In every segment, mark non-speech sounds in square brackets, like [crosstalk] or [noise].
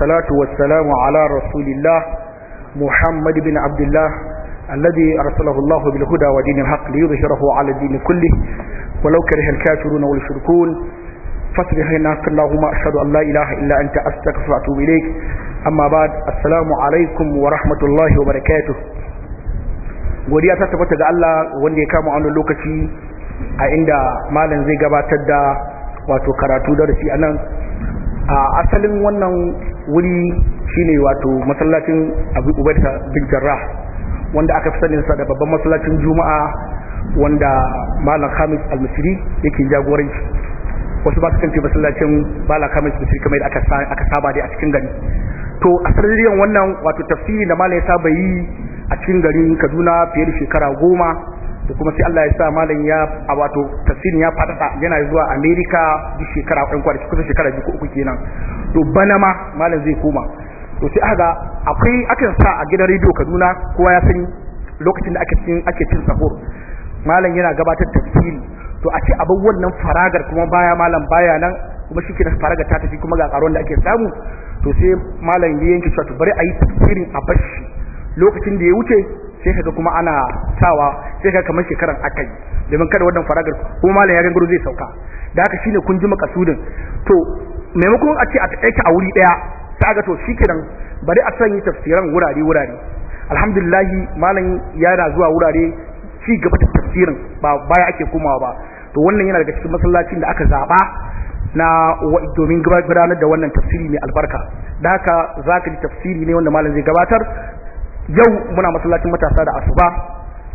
salatu wassalamu ala rasulillah muhammad bin abdullah alladhi arsalahu Allah bil huda wa dinil haqq li yudhhirahu ala din kulli walau kariha al kafirun wal shirkun fasbih innaka allahumma ashhadu an la ilaha illa anta astaghfiruka wa atubu ilayk amma ba'd assalamu alaykum wa rahmatullahi wa barakatuh godiya ta tabbata da Allah wanda ya kama wannan lokaci a inda malam zai gabatar da wato karatu darasi a nan. a asalin wannan wuri shine wato masallacin abu ubaita bin jarrah wanda aka fi sanin sa da babban masallacin juma'a wanda malam khamis al-misri yake jagoranci wasu ba su kanci masallacin malam khamis al-misri kamar aka aka saba dai a cikin gari to a sanadiyan wannan wato tafsiri da malam ya saba yi a cikin garin kaduna fiye da shekara goma da kuma sai Allah ya sa malam ya a wato tafsirin ya fadada yana zuwa America duk shekara ɗan kwanaki kusa shekara biyu uku kenan to bana ma malam zai koma to sai aka akwai akan sa a gidan rediyo Kaduna kowa ya san lokacin da ake cin ake cin sahur malam yana gabatar tafsiri to a ce abin wannan faragar kuma baya malam baya nan kuma shi kira faraga ta tafi kuma ga karon da ake samu to sai malam ya yanke cewa bari a yi tafsirin a bashi lokacin da ya wuce sai kaga kuma ana sawa sai kaga kamar shekaran akai domin kada wannan faragar kuma malam ya gangaro zai sauka da haka shine kun ji makasudin to maimakon a ce a taƙaita a wuri ɗaya ta ga to shikenan bari a sanya tafsiran wurare wurare alhamdulillah malam yana zuwa wurare ci gaba da tafsirin ba baya ake komawa ba to wannan yana daga cikin masallacin da aka zaba na domin gudanar da wannan tafsiri mai albarka da haka za ka ji tafsiri ne wanda malam zai gabatar yau muna masallacin matasa da asuba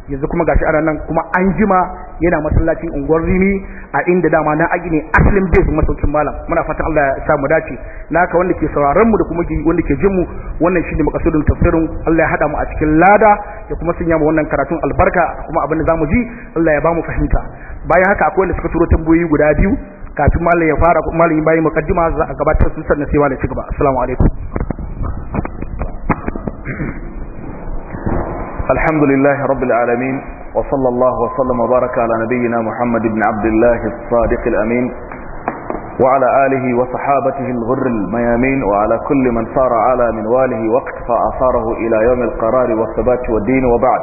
yanzu kuma gashi ana nan kuma an jima yana masallacin unguwar rimi a inda dama na agi ne asalin su masaukin malam muna fatan Allah ya sa mu dace naka wanda ke sauraron mu da kuma wanda ke jin mu wannan shine makasudin tafsirin Allah ya hada mu a cikin lada ya kuma sanya mu wannan karatun albarka kuma abin da zamu ji Allah ya ba mu fahimta bayan haka akwai wanda suka turo tambayoyi guda biyu kafin malam ya fara malam bayan mukaddima za a gabatar su sannan sai wani ci gaba assalamu alaikum الحمد لله رب العالمين وصلى الله وسلم وبارك على نبينا محمد بن عبد الله الصادق الأمين وعلى آله وصحابته الغر الميامين وعلى كل من صار على منواله واقتفى أثاره إلى يوم القرار والثبات والدين وبعد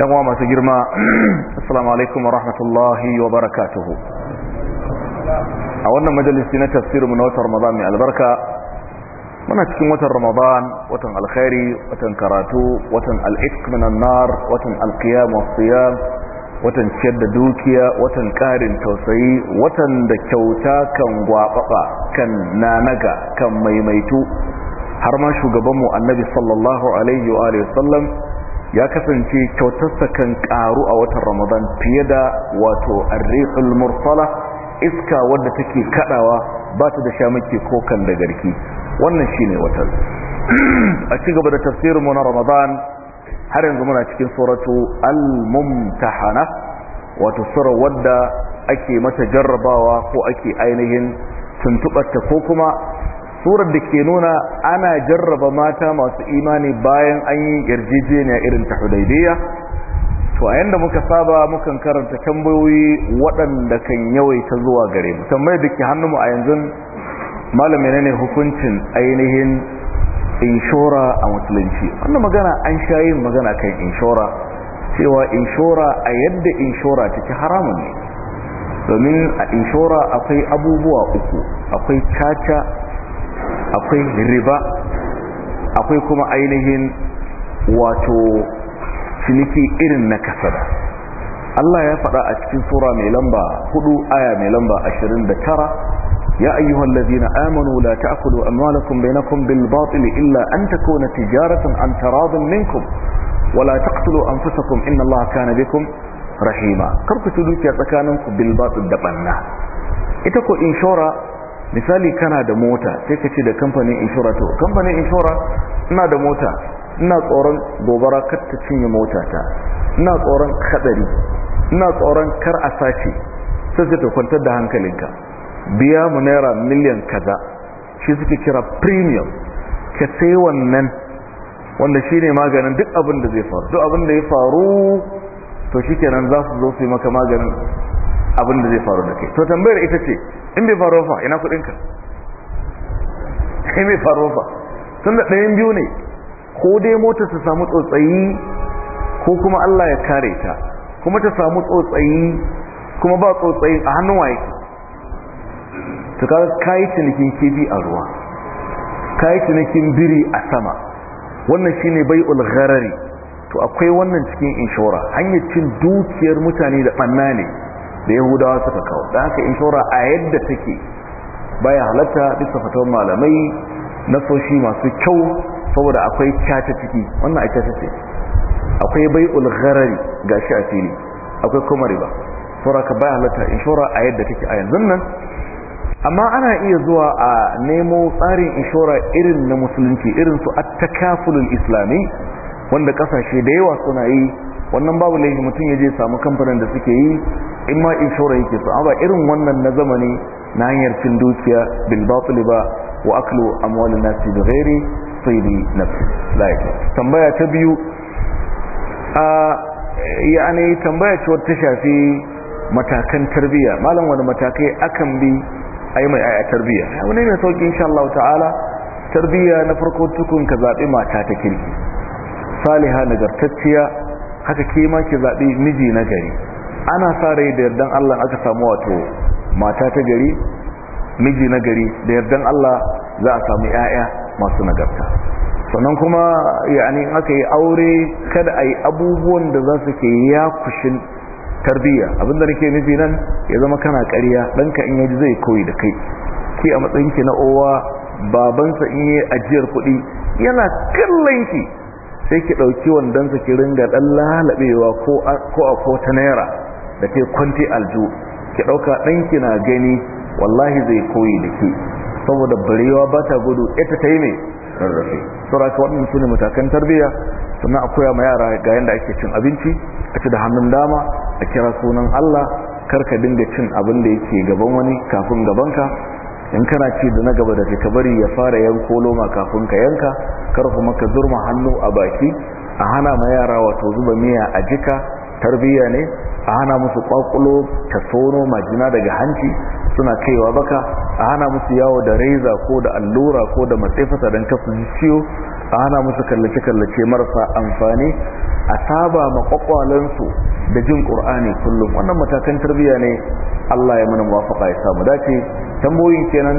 يوم سجرما [clears throat] السلام عليكم ورحمة الله وبركاته أولنا مجلس تفسير من وتر رمضان من البركة muna cikin watan ramadan watan alkhairi watan karatu watan al'itq minan nar watan alqiyam wasiyam watan ciyar da dukiya watan karin tausayi watan da kyauta kan gwaɓaɓa kan nanaga kan maimaitu har ma shugabanmu annabi sallallahu alaihi wa sallam ya kasance kyautarsa kan karu a watan ramadan fiye da wato arrihul mursala iska wadda take kadawa ba ta da shamake ko kan da garki wannan shine watan a ci gaba da tafsirin mu na ramadan har yanzu muna cikin suratu al-mumtahana wato sura wadda ake mata jarrabawa ko ake ainihin tuntubarta ko kuma surar da ke nuna ana jarraba mata masu imani bayan an yi yarjejeniya irin ta hudaidiyya to a yanda muka saba mukan karanta tambayoyi waɗanda kan yawaita zuwa gare mu tambayar da ke hannunmu a yanzu malam ne hukuncin ainihin inshora a musulunci wannan magana an shayin magana kan inshora cewa inshora a yadda inshora take haramun ne domin a inshora akwai abubuwa uku akwai caca akwai riba akwai kuma ainihin wato ciniki irin na kasada Allah ya faɗa a cikin sura mai lamba 4 aya mai lamba 29 يا أيها الذين آمنوا لا تأكلوا أموالكم بينكم بالباطل إلا أن تكون تجارة عن تراض منكم ولا تقتلوا أنفسكم إن الله كان بكم رحيما كرك تدوك يتكاننكم بالباطل دبنا إتكو إنشورة misali kana da mota sai ka ce da kamfanin inshora to kamfanin inshora ina da mota ina tsoron gobara kar ta cinye motata ina tsoron kadari ina tsoron kar a sace sai kwantar da hankalinka biya mu naira miliyan kaza shi suke kira premium ka sai wannan wanda shi ne maganin duk abin da zai faru duk abin da ya faru to shi kenan za su zo su yi maka maganin abin da zai faru da kai to tambayar ita ce in bai faru fa ina kudinka in bai faru fa tun da ɗayan biyu ne ko dai motar ta samu tsotsayi ko kuma Allah ya kare ta kuma ta samu tsotsayi kuma ba tsotsayi a hannun waye to kaga kayi cinikin kifi a ruwa kayi cinikin biri a sama wannan shine bai gharari to akwai wannan cikin inshora hanyar cin dukiyar mutane da banna ne da yahudawa suka kawo da haka inshora a yadda take baya halatta bisa fatawar malamai na soshi masu kyau saboda akwai kyata ciki wannan a kyata ce akwai bai gharari gashi a fili akwai kuma riba saboda ka baya halatta inshora a yadda take a yanzu nan amma ana iya zuwa a nemo tsarin inshora irin na musulunci irin su attakafulul islami wanda kasashe da yawa suna yi wannan babu laifi mutum ya je samu kamfanin da suke yi in ma inshora yake su amma irin wannan na zamani na hanyar cin dukiya bil batil ba wa aklu amwalin nasi bi ghairi sayyidi nafsi like tambaya ta biyu a yani tambaya ce wata shafi matakan tarbiyya malam wani matakai akan bi ai mai aya tarbiyya abu ne mai insha Allah ta'ala tarbiyya na farko tukun ka zaɓi mata ta kirki saliha nagartacciya haka ke ma ki zaɓi miji na gari ana sa rai da yardan Allah aka samu wato mata ta gari miji na gari da yardan Allah za a samu 'ya'ya masu nagarta sannan kuma yani aka yi aure kada a abubuwan da za su ke kushin. tarbiya abinda nake nufi nan ya zama kana ƙarya ɗanka in yaji zai koyi da kai ki a matsayin ki na owa babansa in yi ajiyar kuɗi yana kallon ki sai ki ɗauki wandonsa ki ringa ɗan lalabewa ko a ko ta naira da ke kwanti aljo ki ɗauka ɗanki na gani wallahi zai koyi da ke saboda barewa ba ta gudu ita ta yi ne rarrafe ka wannan su ne matakan tarbiyya sannan a koya ma yara ga yadda ake cin abinci a ci da hannun dama a kira sunan allah karka dinga cin abin da yake gaban wani kafin gabanka in kana ci da na gaba da ka bari ya fara yanko loma kafin ka yanka kar maka ka zurma hannu a baki a hana ma yara wato zuba miya a jika tarbiyya ne a hana musu kwakulo ta tsoro majina daga hanci suna kaiwa baka a hana musu yawo da reza ko da allura ko da matsefasa don kasu ciyo a hana musu kallace-kallace marasa amfani a saba makwakwalansu da jin ƙur'ani kullum wannan matakan tarbiyya ne allah ya mana muwafaka ya samu dace tamboyin kenan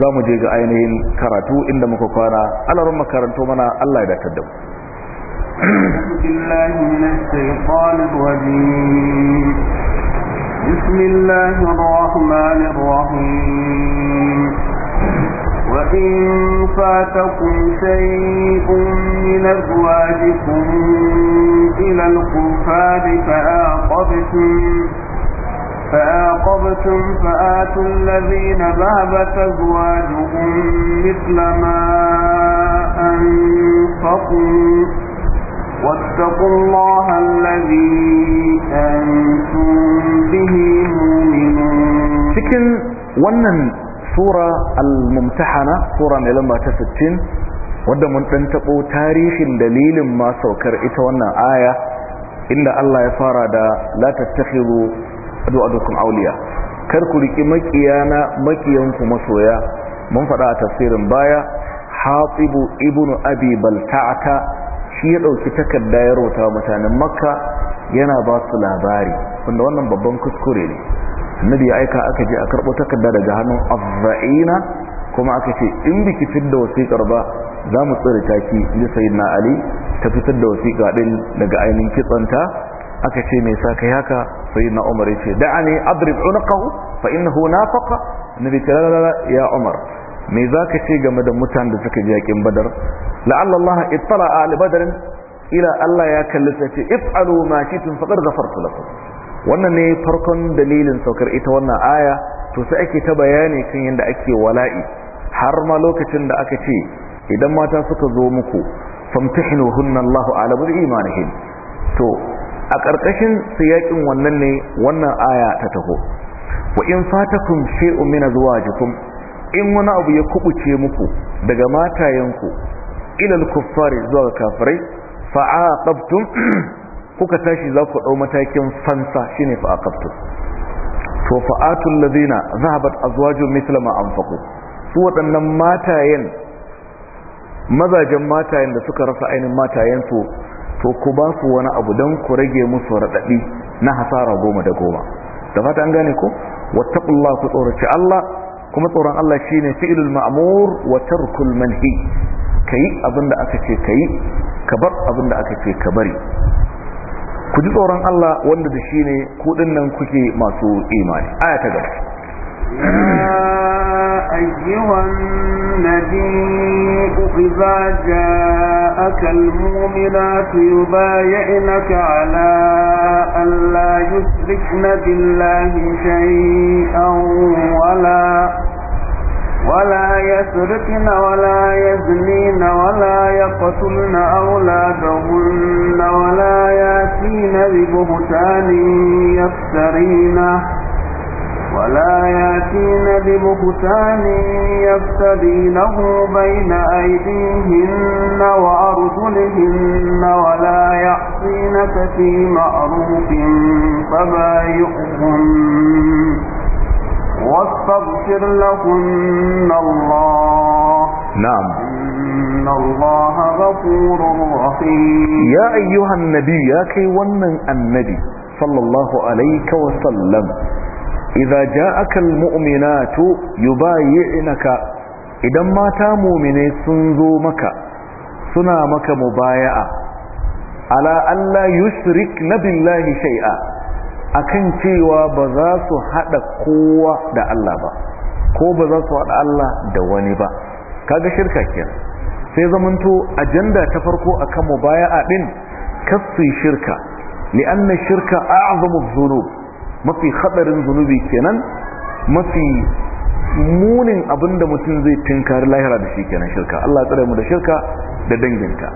za mu je ga ainihin karatu inda muka kwana alarin makaranto mana allah ya datar da mu بسم الله الرحمن الرحيم وإن فاتكم شيء من أزواجكم إلى الكفار فآقبتم فآقبتم فآتوا الذين ذهبت أزواجهم مثل ما أنفقوا واتقوا الله الذي أنتم به مؤمنون لكن ونن سورة الممتحنة سورة لما تستين mun ɗan taɓo tarihin dalilin ma saukar ita wannan aya inda Allah ya fara da la tattakhidhu du'adukum awliya kar ku riki makiyana makiyanku masoya mun faɗa a tafsirin baya hatibu ibnu abi balta'ata shi ya ɗauki takarda ya rota mutanen makka yana ba su labari wanda wannan babban kuskure ne Nadi ya aika aka je a karɓo takarda daga hannun azza'ina kuma aka ce in biki fidda wasiƙar ba za mu tsira taki ji sayyidina ali ta fitar da wasiƙa ɗin daga ainihin kitsanta aka ce mai sa kai haka sayyidina umar ya ce da'ani adrib unqahu fa innahu nafaqa annabi ce ya umar me za ka ce game da mutanen da suka ji yakin badar la'allallaha ittala ali badarin ila Allah ya kalli sai ce if'alu ma shi'tum faqad ghafartu lakum wannan ne farkon dalilin saukar ita wannan aya to sai ake ta bayani kan yadda ake wala'i har ma lokacin da aka ce idan mata suka zo muku famtahinuhunna Allahu ala bil imanihin to a ƙarƙashin siyakin wannan ne wannan aya ta taho wa in fatakum shay'un min azwajikum in wani abu ya kubuce muku daga matayenku ilal kuffari zuwa kafirai fa'aqabtum [clears throat] kuka tashi za ku dau matakin fansa shine fa'aqabtum to fa'atul ladina zahabat azwaju mithla ma anfaqu su waɗannan matayen mazajen matayen da suka rasa ainin matayen su to ku ba su wani abu dan ku rage musu raɗaɗi na hasara goma da goma da fata an gane ko wattaqullahu ku tsoraci Allah kuma tsoron Allah shine fi'ilul ma'mur wa tarkul manhi kayi abinda aka ce kayi ka bar abinda aka ce ka bari ku ji tsoron Allah wanda da shine ku nan kuke masu imani aya ta gaba يا أيها النبي إذا جاءك المؤمنات يبايعنك على أن لا يشركن بالله شيئا ولا ولا يسرقن ولا يزنين ولا يقتلن أولادهن ولا ياتين ببهتان يفترينه ولا ياتين ببهتان يفتدينه بين أيديهن وأرجلهن ولا يعصينك في معروف فبايعهن واستغفر لهن الله نعم إن الله غفور رحيم يا أيها النبي يا كي ومن النبي صلى الله عليه وسلم idza ja'aka almu'minatu yubayyi'naka idan mata mu'mine sun zo maka suna maka mubaya'a ala alla yushrikna billahi shay'a akan cewa ba za su hada kowa da Allah ba ko ba za su hada Allah da wani ba kaga shirka kenan sai zamanto ajanda ta farko akan mubaya'a din kasu shirka li'anna shirka a'zamu dhunub mafi hadarin zunubi kenan mafi munin abin da mutum zai tinkari lahira da shi kenan shirka Allah ya tsare mu da shirka da danginta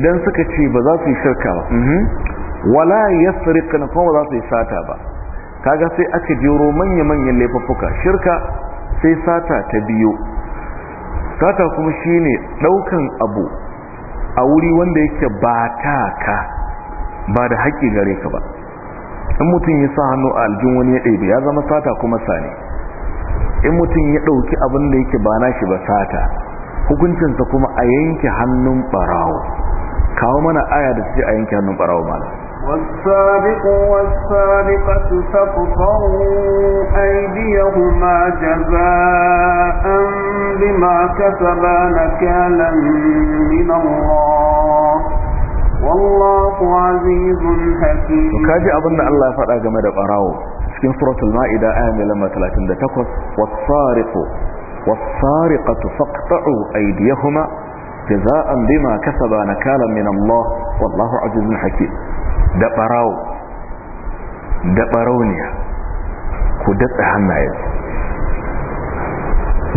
idan suka ce ba za su yi shirka ba mhm, wala yasriq na kuma ba za su yi sata ba kaga sai aka jero manya-manyan laifuffuka shirka sai sata ta biyo sata kuma shine ɗaukan abu a wuri wanda yake ba ta ka ba da haƙƙi gare ka ba in mutum ya sa hannu a aljin wani ya ɗaibe ya zama sata kuma sani in mutum ya ɗauki abin da yake ba shi ba sata hukuncinsa kuma a yanke hannun ɓarawo kawo mana aya da suke a yanke hannun ɓarawo malam والسابق والسابقة فاقطعوا أيديهما جزاء والله عزيز حكيم وكاجي أظن الله فرأى جمال قراو cikin suratul ma'ida aya mai lamba 38 was-sariqu was-sariqatu faqta'u aydiyahuma jaza'an bima kasaba nakalan min Allah wallahu azizun hakim da barawo da barauniya ku datsa hannaye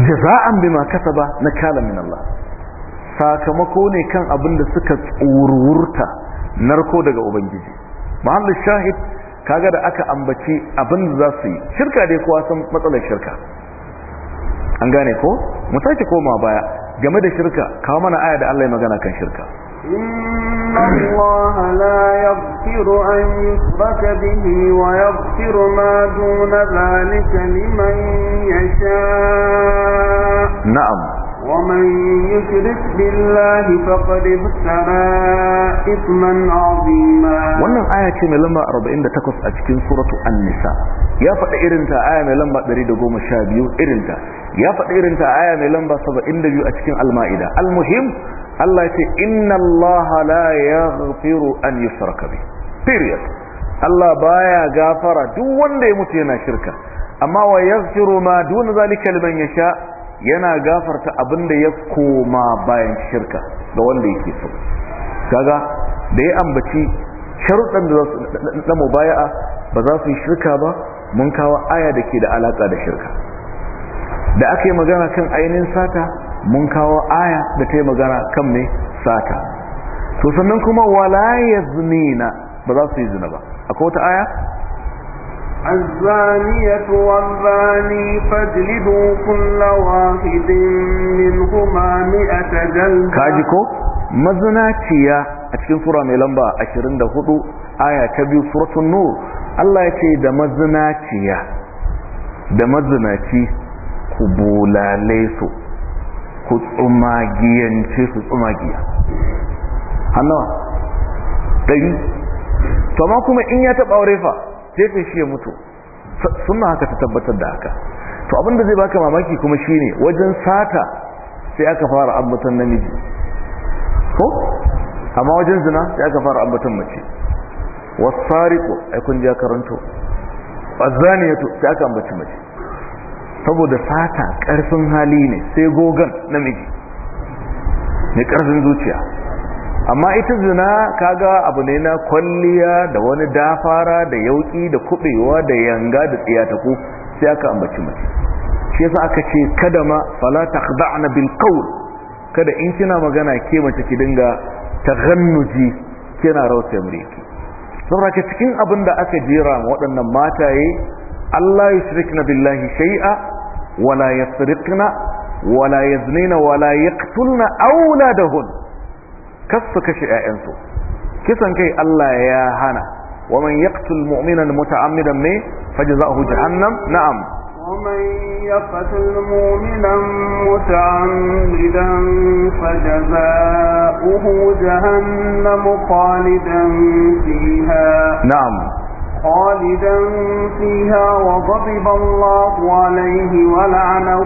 jaza'an bima kasaba nakalan min Allah sakamako ne kan abin da suka tsururta narko daga ubangiji mahallin shahid kaga da aka ambaci abin da za su yi shirka dai kowa san matsalar shirka an gane ko mu sake koma baya game da shirka kawo mana aya da Allah ya magana kan shirka إن la yaghfiru an yushraka bihi wa yaghfiru ma duna liman yasha na'am ومن يشرك بالله فقد افترى اثما عظيما wannan aya ce mai lamba 48 a cikin suratu an-nisa ya faɗi irin ta aya mai lamba 112 irin ta ya faɗi irin ta aya mai lamba 72 a cikin al-maida al-muhim Allah ya ce inna Allah la yaghfiru an yushraka bi period Allah baya gafara duk wanda ya mutu yana shirka amma wa yaghfiru ma dun zalika liman yasha yana gafarta abin da ya koma bayan shirka ga wanda yake so kaga da ya ambaci sharuɗan da za na baya'a ba za su yi shirka ba mun kawo aya da ke da alaƙa da shirka da aka yi magana kan ainihin sata mun kawo aya da ta yi magana kan mai sata to sannan kuma wala ya ba za su yi zina ba akwai wata aya الزانية والزاني فاجلدوا كل واحد منهما مئة جلدة كاجيكو مزناتيا أتكين سورة ميلمبا ده دهدو آية تبيو سورة النور الله يكي ده مزناتيا ده مزناتي قبولا ليسو كتسماجيا نتي كتسماجيا هنوا ɗari to ma kuma in ya taɓa sai shi ya mutu suna haka ta tabbatar da haka to abinda zai baka mamaki kuma shi ne wajen sata sai aka fara ambatan namiji ko amma wajen zina sai aka fara ambatan mace aikun jakaranto, a ja ya to sai aka ambaci mace saboda sata karfin hali ne sai gogan namiji ne karfin zuciya amma ita zina kaga abu ne na kwalliya da wani dafara da yauki da kubewa da yanga da tsiyataku sai aka ambaci mace shi yasa aka ce kada ma fala taqda'na bil qawl kada in kina magana ke mace ki dinga taghannuji kina rausa muriki saboda cikin abin da aka jira ma waɗannan mataye Allah shirkina billahi shay'a wala yasriqna wala yaznina wala yaqtulna awladahun kasu kashe 'ya'yansu kisan kai Allah ya hana wa man yaqtul mu'minan muta'ammidan me fajza'uhu jahannam na'am ومن يقتل مؤمنا متعمدا فجزاؤه جهنم خالدا فيها نعم خالدا فيها وغضب الله عليه ولعنه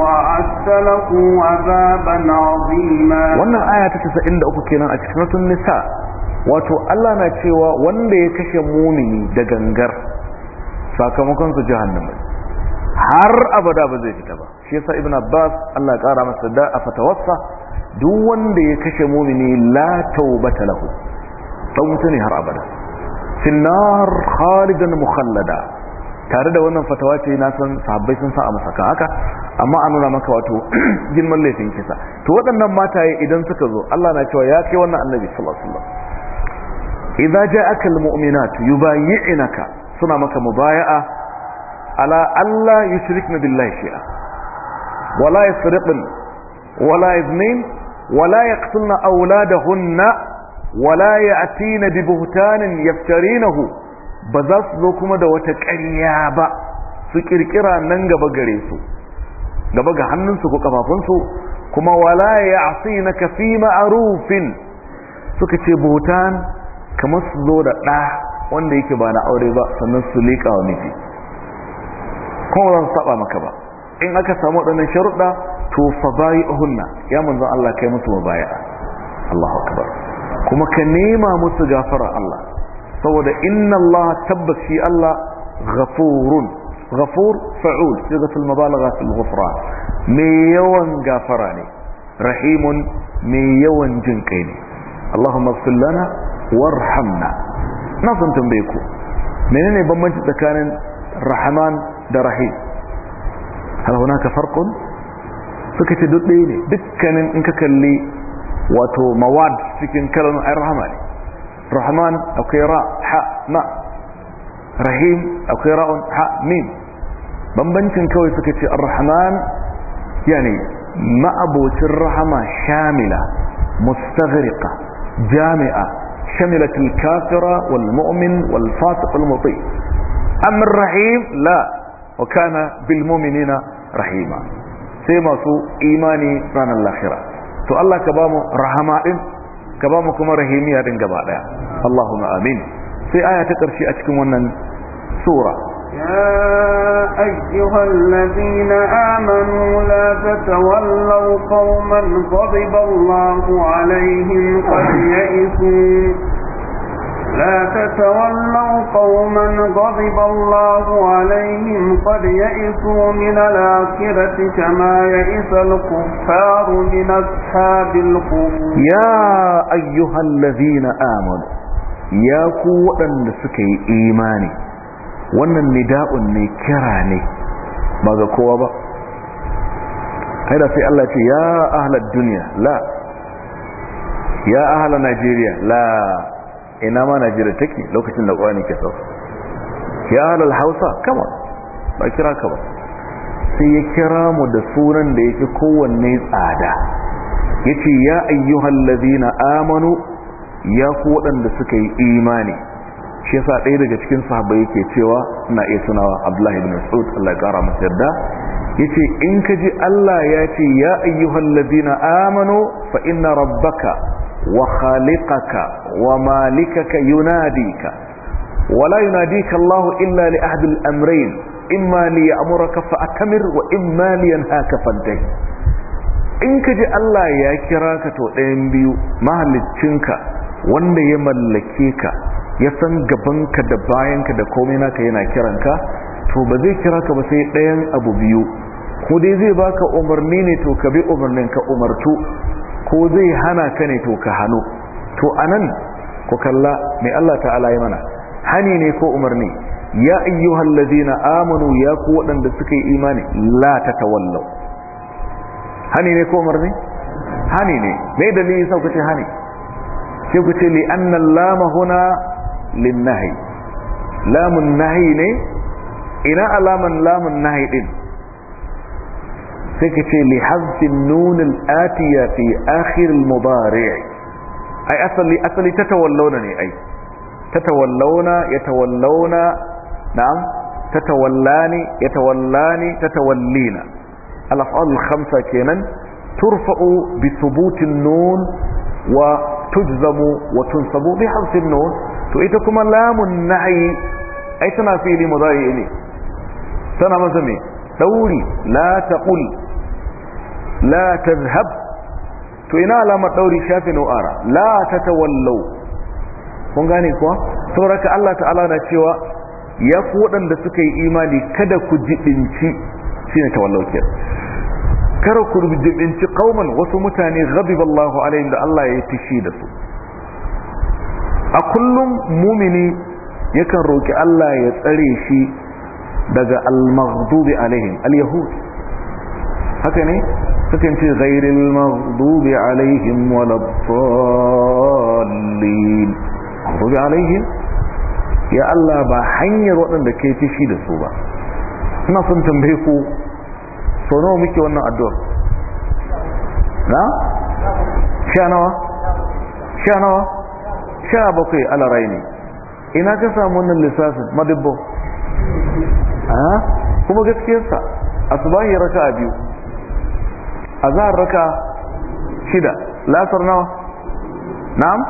وأعد له عذابا عظيما wannan aya ta 93 kenan a cikin suratul nisa wato Allah na cewa wanda ya kashe mumini da gangar sakamakon su jahannama har abada ba zai fita ba shi yasa ibn abbas Allah ya kara masa da a fatawassa duk wanda ya kashe mumini la taubata lahu dan ne har abada finnar khalidan mukhallada tare da wannan fatawa ce na san sahabbai sun sa a kan haka amma an nuna maka wato [clears throat] girman laifin kisa to waɗannan mataye idan suka zo Allah na cewa ya kai wannan annabi sallallahu alaihi wasallam idza ja'aka almu'minat yubayyi'naka suna maka mubaya'a ala alla yushrikna billahi shay'a wala yasriqna wala yaznin wala yaqtulna awladahunna wala ya'tina bi buhtanin yaftarinahu ba za su zo kuma da wata ƙarya ba su ƙirƙira nan gaba gare su gaba ga hannunsu ko kafafunsu kuma wala ya'sinaka fi ma'rufin suka ce buhutan kamar su zo da ɗa wanda yake ba na aure ba sannan su liƙa wa miji kuma ba su saba maka ba in aka samu waɗannan sharuɗa to fa bayi ya manzon Allah kai musu mubaya Allahu akbar kuma ka nema musu gafara Allah saboda inna Allah tabbas shi Allah ghafurun ghafur fa'ul sigatul mubalagha fil ghufran me yawan gafara ne rahimun me yawan jin kai ne Allahumma ighfir lana warhamna na san tambaye ku menene bambanci tsakanin rahman da rahim hal hunaka farqun suka ce duk ɗaya ne dukkanin in ka kalli وتو مواد سكن كلام الرحمن رحمن أقراء حاء ماء رحيم أقراء حاء ميم بمبنكن كوي سكتي الرحمن يعني ما أبو الرحمة شاملة مستغرقة جامعة شملت الكافر والمؤمن والفاسق المطيع أم الرحيم لا وكان بالمؤمنين رحيما سيما سوء إيماني رانا الاخره to Allah ka ba mu rahama din ka ba mu kuma rahimiya din gaba daya Allahumma amin sai aya ta karshe a cikin wannan sura يا أيها الذين آمنوا لا تتولوا قوما غضب الله عليهم قد يئسوا لا تتولوا قوما غضب الله عليهم قد يئسوا من الآخرة كما يئس الكفار من أصحاب القبور يا أيها الذين آمنوا يا قوة لسك إيماني وأن النداء نكراني ماذا قوة ba ga kowa ba haida sai Allah ce ya ahlar duniya la ina ma najeriya take lokacin da ƙwani ke sau ya halal hausa kama ba kira ka ba sai ya kira mu da sunan da yake kowanne tsada ya ce ya ayyuhan lazina amanu ya ku waɗanda suka yi imani shi yasa ɗaya daga cikin sahabbai yake cewa na iya sunawa abdullahi bin mas'ud Allah ya ƙara masa yarda yace in ka ji Allah ya ce ya ayyuhan lazina amanu fa inna rabbaka وخالقك ومالكك يناديك ولا يناديك الله إلا لأحد الأمرين إما ليأمرك فأتمر وإما لينهاك فانتهي in ka ji Allah ya kira ka to ɗayan biyu ka wanda ya mallake ka ya san gabanka da bayanka da komai naka yana kiran ka, to ba zai kira ka ba sai ɗayan abu biyu ko zai baka umarni ne to ka bi umarnin ka umartu ko zai hana ka ne to ka hannu to anan ku kalla mai Allah ta'ala yi mana hani ne ko umarni ya ayyuhal ladina amanu ya ku waɗanda suka yi imani la tatawallau hani ne ko umarni hani ne me dalili sau kace hani sai ku ce li anna lama huna lin nahi lamun nahi ne ina alaman lamun nahi din سيكتي لحذف النون الآتية في آخر المضارع أي أصلي اصل تتولونني أي تتولون يتولون نعم تتولاني يتولاني تتولينا الأفعال الخمسة كينا ترفع بثبوت النون وتجزم وتنصب بحذف النون تؤيتكم لام النعي أي سنة في لمضارع إليه سنة مزمي دوري لا تقل la tazhab to ina alamar ɗauri shafi nu'ara la ta kun gane kuwa sauraka Allah ta'ala na cewa ya ku waɗanda suka yi imani kada ku jibinci shine tawallau ke kada ku jibinci kauman wasu mutane ghadiballahu alaihim da Allah ya tishi da su a kullum mumini yakan roki Allah ya tsare shi daga al-maghdubi alaihim al-yahud haka ne sukan ce ghairil maghdubi alaihim waladdallin maghdubi alaihim ya Allah ba hanyar waɗanda ke fishi da su ba ina son tambaye ku so nawa muke wannan addu'ar na sha nawa sha nawa sha bakwai ala raini ina ka samu wannan lissafin madibbo kuma gaskiyarsa a asubahi raka'a biyu azhar raka shida lasar nawa na'am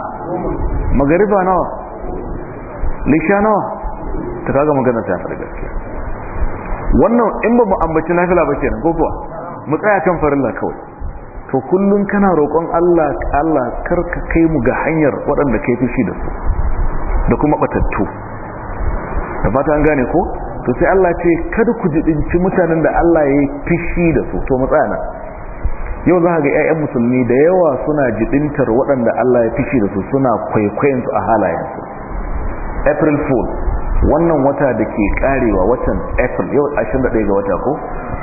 magariba nawa lisha nawa ta kaga magana ta fara gaskiya wannan in ba mu ambaci nafila ba kenan ko kuwa mu tsaya kan farilla kawai to kullun kana roƙon Allah Allah karka kai mu ga hanyar waɗanda kai fushi da su da kuma batattu da fata an gane ko to sai Allah ce kada ku jidinci mutanen da Allah ya yi fishi da su to mu tsaya nan yau za ga 'ya'yan musulmi da yawa suna jidintar waɗanda Allah ya fishi da su suna kwaikwayon su a halayensu april fool wannan wata da ke karewa watan april yau 21 ga wata ko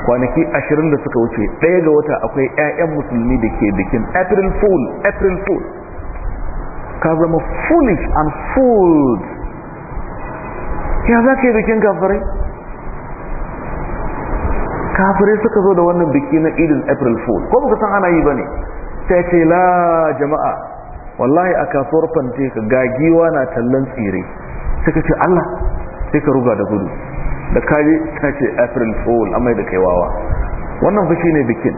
kwanaki 20 da suka wuce ɗaya ga wata akwai 'ya'yan musulmi da ke bikin april fool april fool ka zama foolish and fooled ya za ka yi bikin gafarai kafirai suka zo da wannan biki na idin april fool ko baka san ana yi ba ne sai ce la jama'a wallahi a kasuwar fante ka gagiwa na tallan tsire suka ce allah sai ka ruga da gudu da kaji ta ce april fool amai da kai wawa wannan shi ne bikin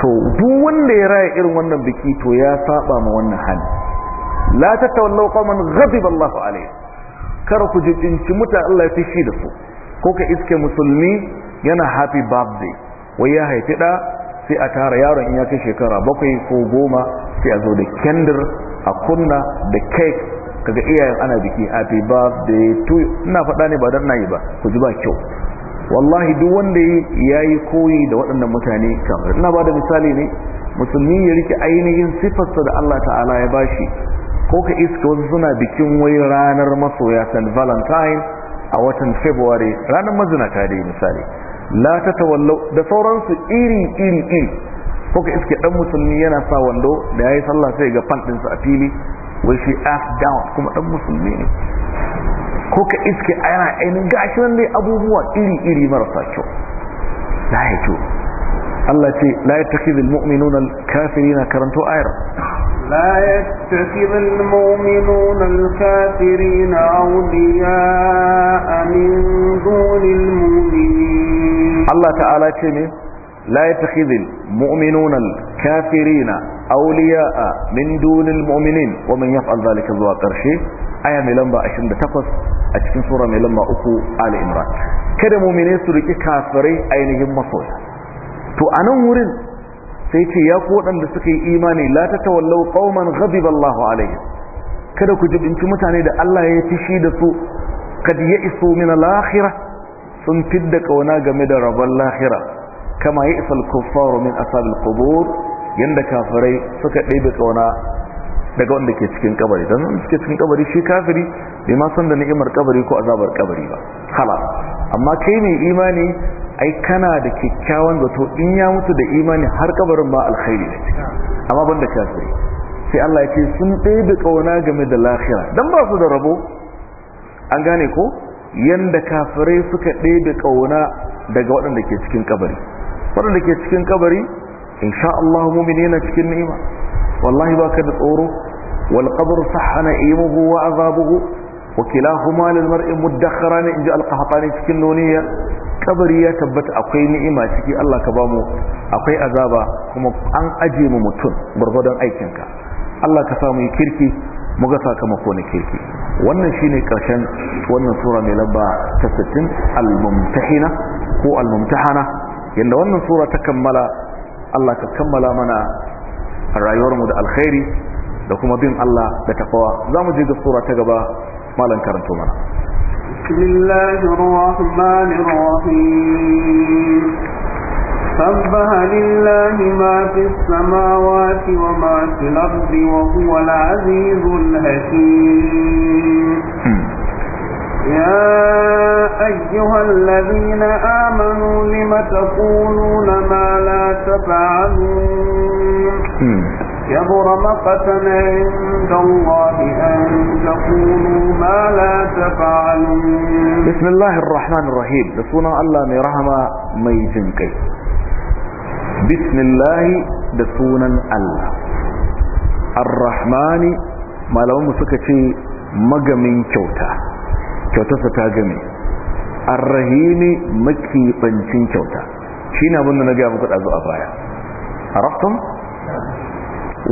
to duk wanda ya raya irin wannan biki to ya saba ma wannan hali la tatawallaw qauman ghadiba Allahu alayhi kar ku jibinci mutane Allah ya fishi da su ko ka iske musulmi yana happy birthday wai ya haifi ɗa sai a tara yaron in ya kai shekara bakwai ko goma sai a zo da kendir a kunna da cake kaga iyayen ana biki happy birthday to ina faɗa ne ba dan yi ba ku ji ba kyau wallahi duk wanda yayi koyi da waɗannan mutane kamar ina ba da misali ne musulmi ya rike ainihin sifarsa da Allah ta'ala ya bashi ko ka iska wasu suna bikin wai ranar masoya san valentine a watan february ranar mazinata dai misali la ta tawallau da sauransu iri iri iri ko ka iske dan musulmi yana sa wando da yayi sallah sai ga fantinsa a fili wai shi ask down kuma dan musulmi ne ko ka iske ana ainihin gashi nan dai abubuwa iri iri marasa kyau la ya kyau Allah ce la yattakhidhul mu'minuna al-kafirina karanto ayar لا يتخذ المؤمنون الكافرين أولياء من دون المؤمنين Allah ta'ala ce ne la yattakhidhul mu'minuna al-kafirina awliya'a a dunil mu'minin wa man yaf'al dhalika zuwa ƙarshe aya mai lamba 28 a cikin sura mai lamba 3 Ali kada muminin su riki kafirai ainihin masoya to anan wurin sai ce ya ku waɗanda suka yi imani la kauman qauman ghadiba Allahu alaihim kada ku jibinci mutane da Allah ya fishi da su kad ya iso min al sun fidda kauna game da rabon lahira kama yi isal kuffaru min asal kubur yadda kafirai suka ɗaibe kauna daga wanda ke cikin kabari don wanda ke cikin kabari shi kafiri bai ma san da ni'imar kabari ko azabar kabari ba hala amma kai mai imani ai kana da kyakkyawan zato in ya mutu da imani har kabarin ba alkhairi ne amma banda kafiri sai Allah ya ce sun ɗebe kauna game da lahira don ba su da rabo an gane ko yanda kafirai suka ɗebe ƙauna daga waɗanda ke cikin kabari waɗanda ke cikin kabari insha Allah mumini na cikin ni'ima wallahi baka da tsoro wal qabr sahana imuhu wa azabuhu wa kilahuma lil mar'i mudakharan inji al qahtani cikin nuniya kabari ya tabbata akwai ni'ima ciki Allah ka bamu akwai azaba kuma an aje mu mutum aikin aikinka Allah ka samu kirki muga sakamako na kirki wannan shine karshen wannan sura mai lamba ta 60 al-mumtahina ko al-mumtahana yanda wannan sura ta kammala Allah ka kammala mana rayuwar mu da alkhairi da kuma bin Allah da takawa zamu je ga sura ta gaba malam karanto mana بسم الله الرحمن سبح لله ما في السماوات وما في الأرض وهو العزيز الحكيم يا أيها الذين آمنوا لم تقولون ما لا تفعلون كبر مقتا عند الله أن تقولوا ما لا تفعلون بسم الله الرحمن الرحيم بسونا الله مرحمة ميتم ميزنكي bismillahi da sunan Allah ar-rahmani malamanmu suka ce magamin kyauta kyautarsa ta gami ar-rahimi makibancin kyauta shi na abinda na gaya muku ɗazu a baya a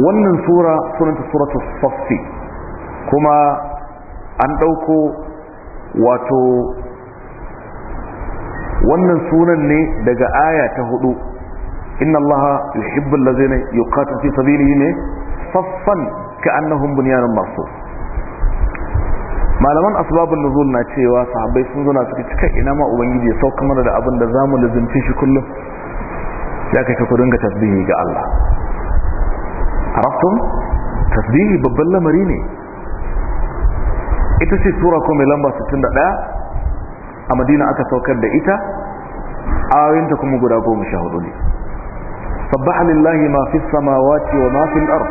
wannan sura sunanta suratu saffi kuma an ɗauko wato wannan sunan ne daga aya ta hudu inna allaha yuhibbu allazina yuqatilu fi sabilihi ne saffan ka'annahum bunyanun marsus malaman asbabun nuzul na cewa sahabbai sun zo na suka cika ina ma ubangiji ya sauka mana da abin da zamu lazimci shi kullum ya kace ku dinga tasbihi ga Allah araftum tasbihi babban lamari ne ita ce sura ko mai lamba 61 a Madina aka saukar da ita ayoyinta kuma guda 14 ne sabbaha lillahi ma fi samawati wa ma fil ard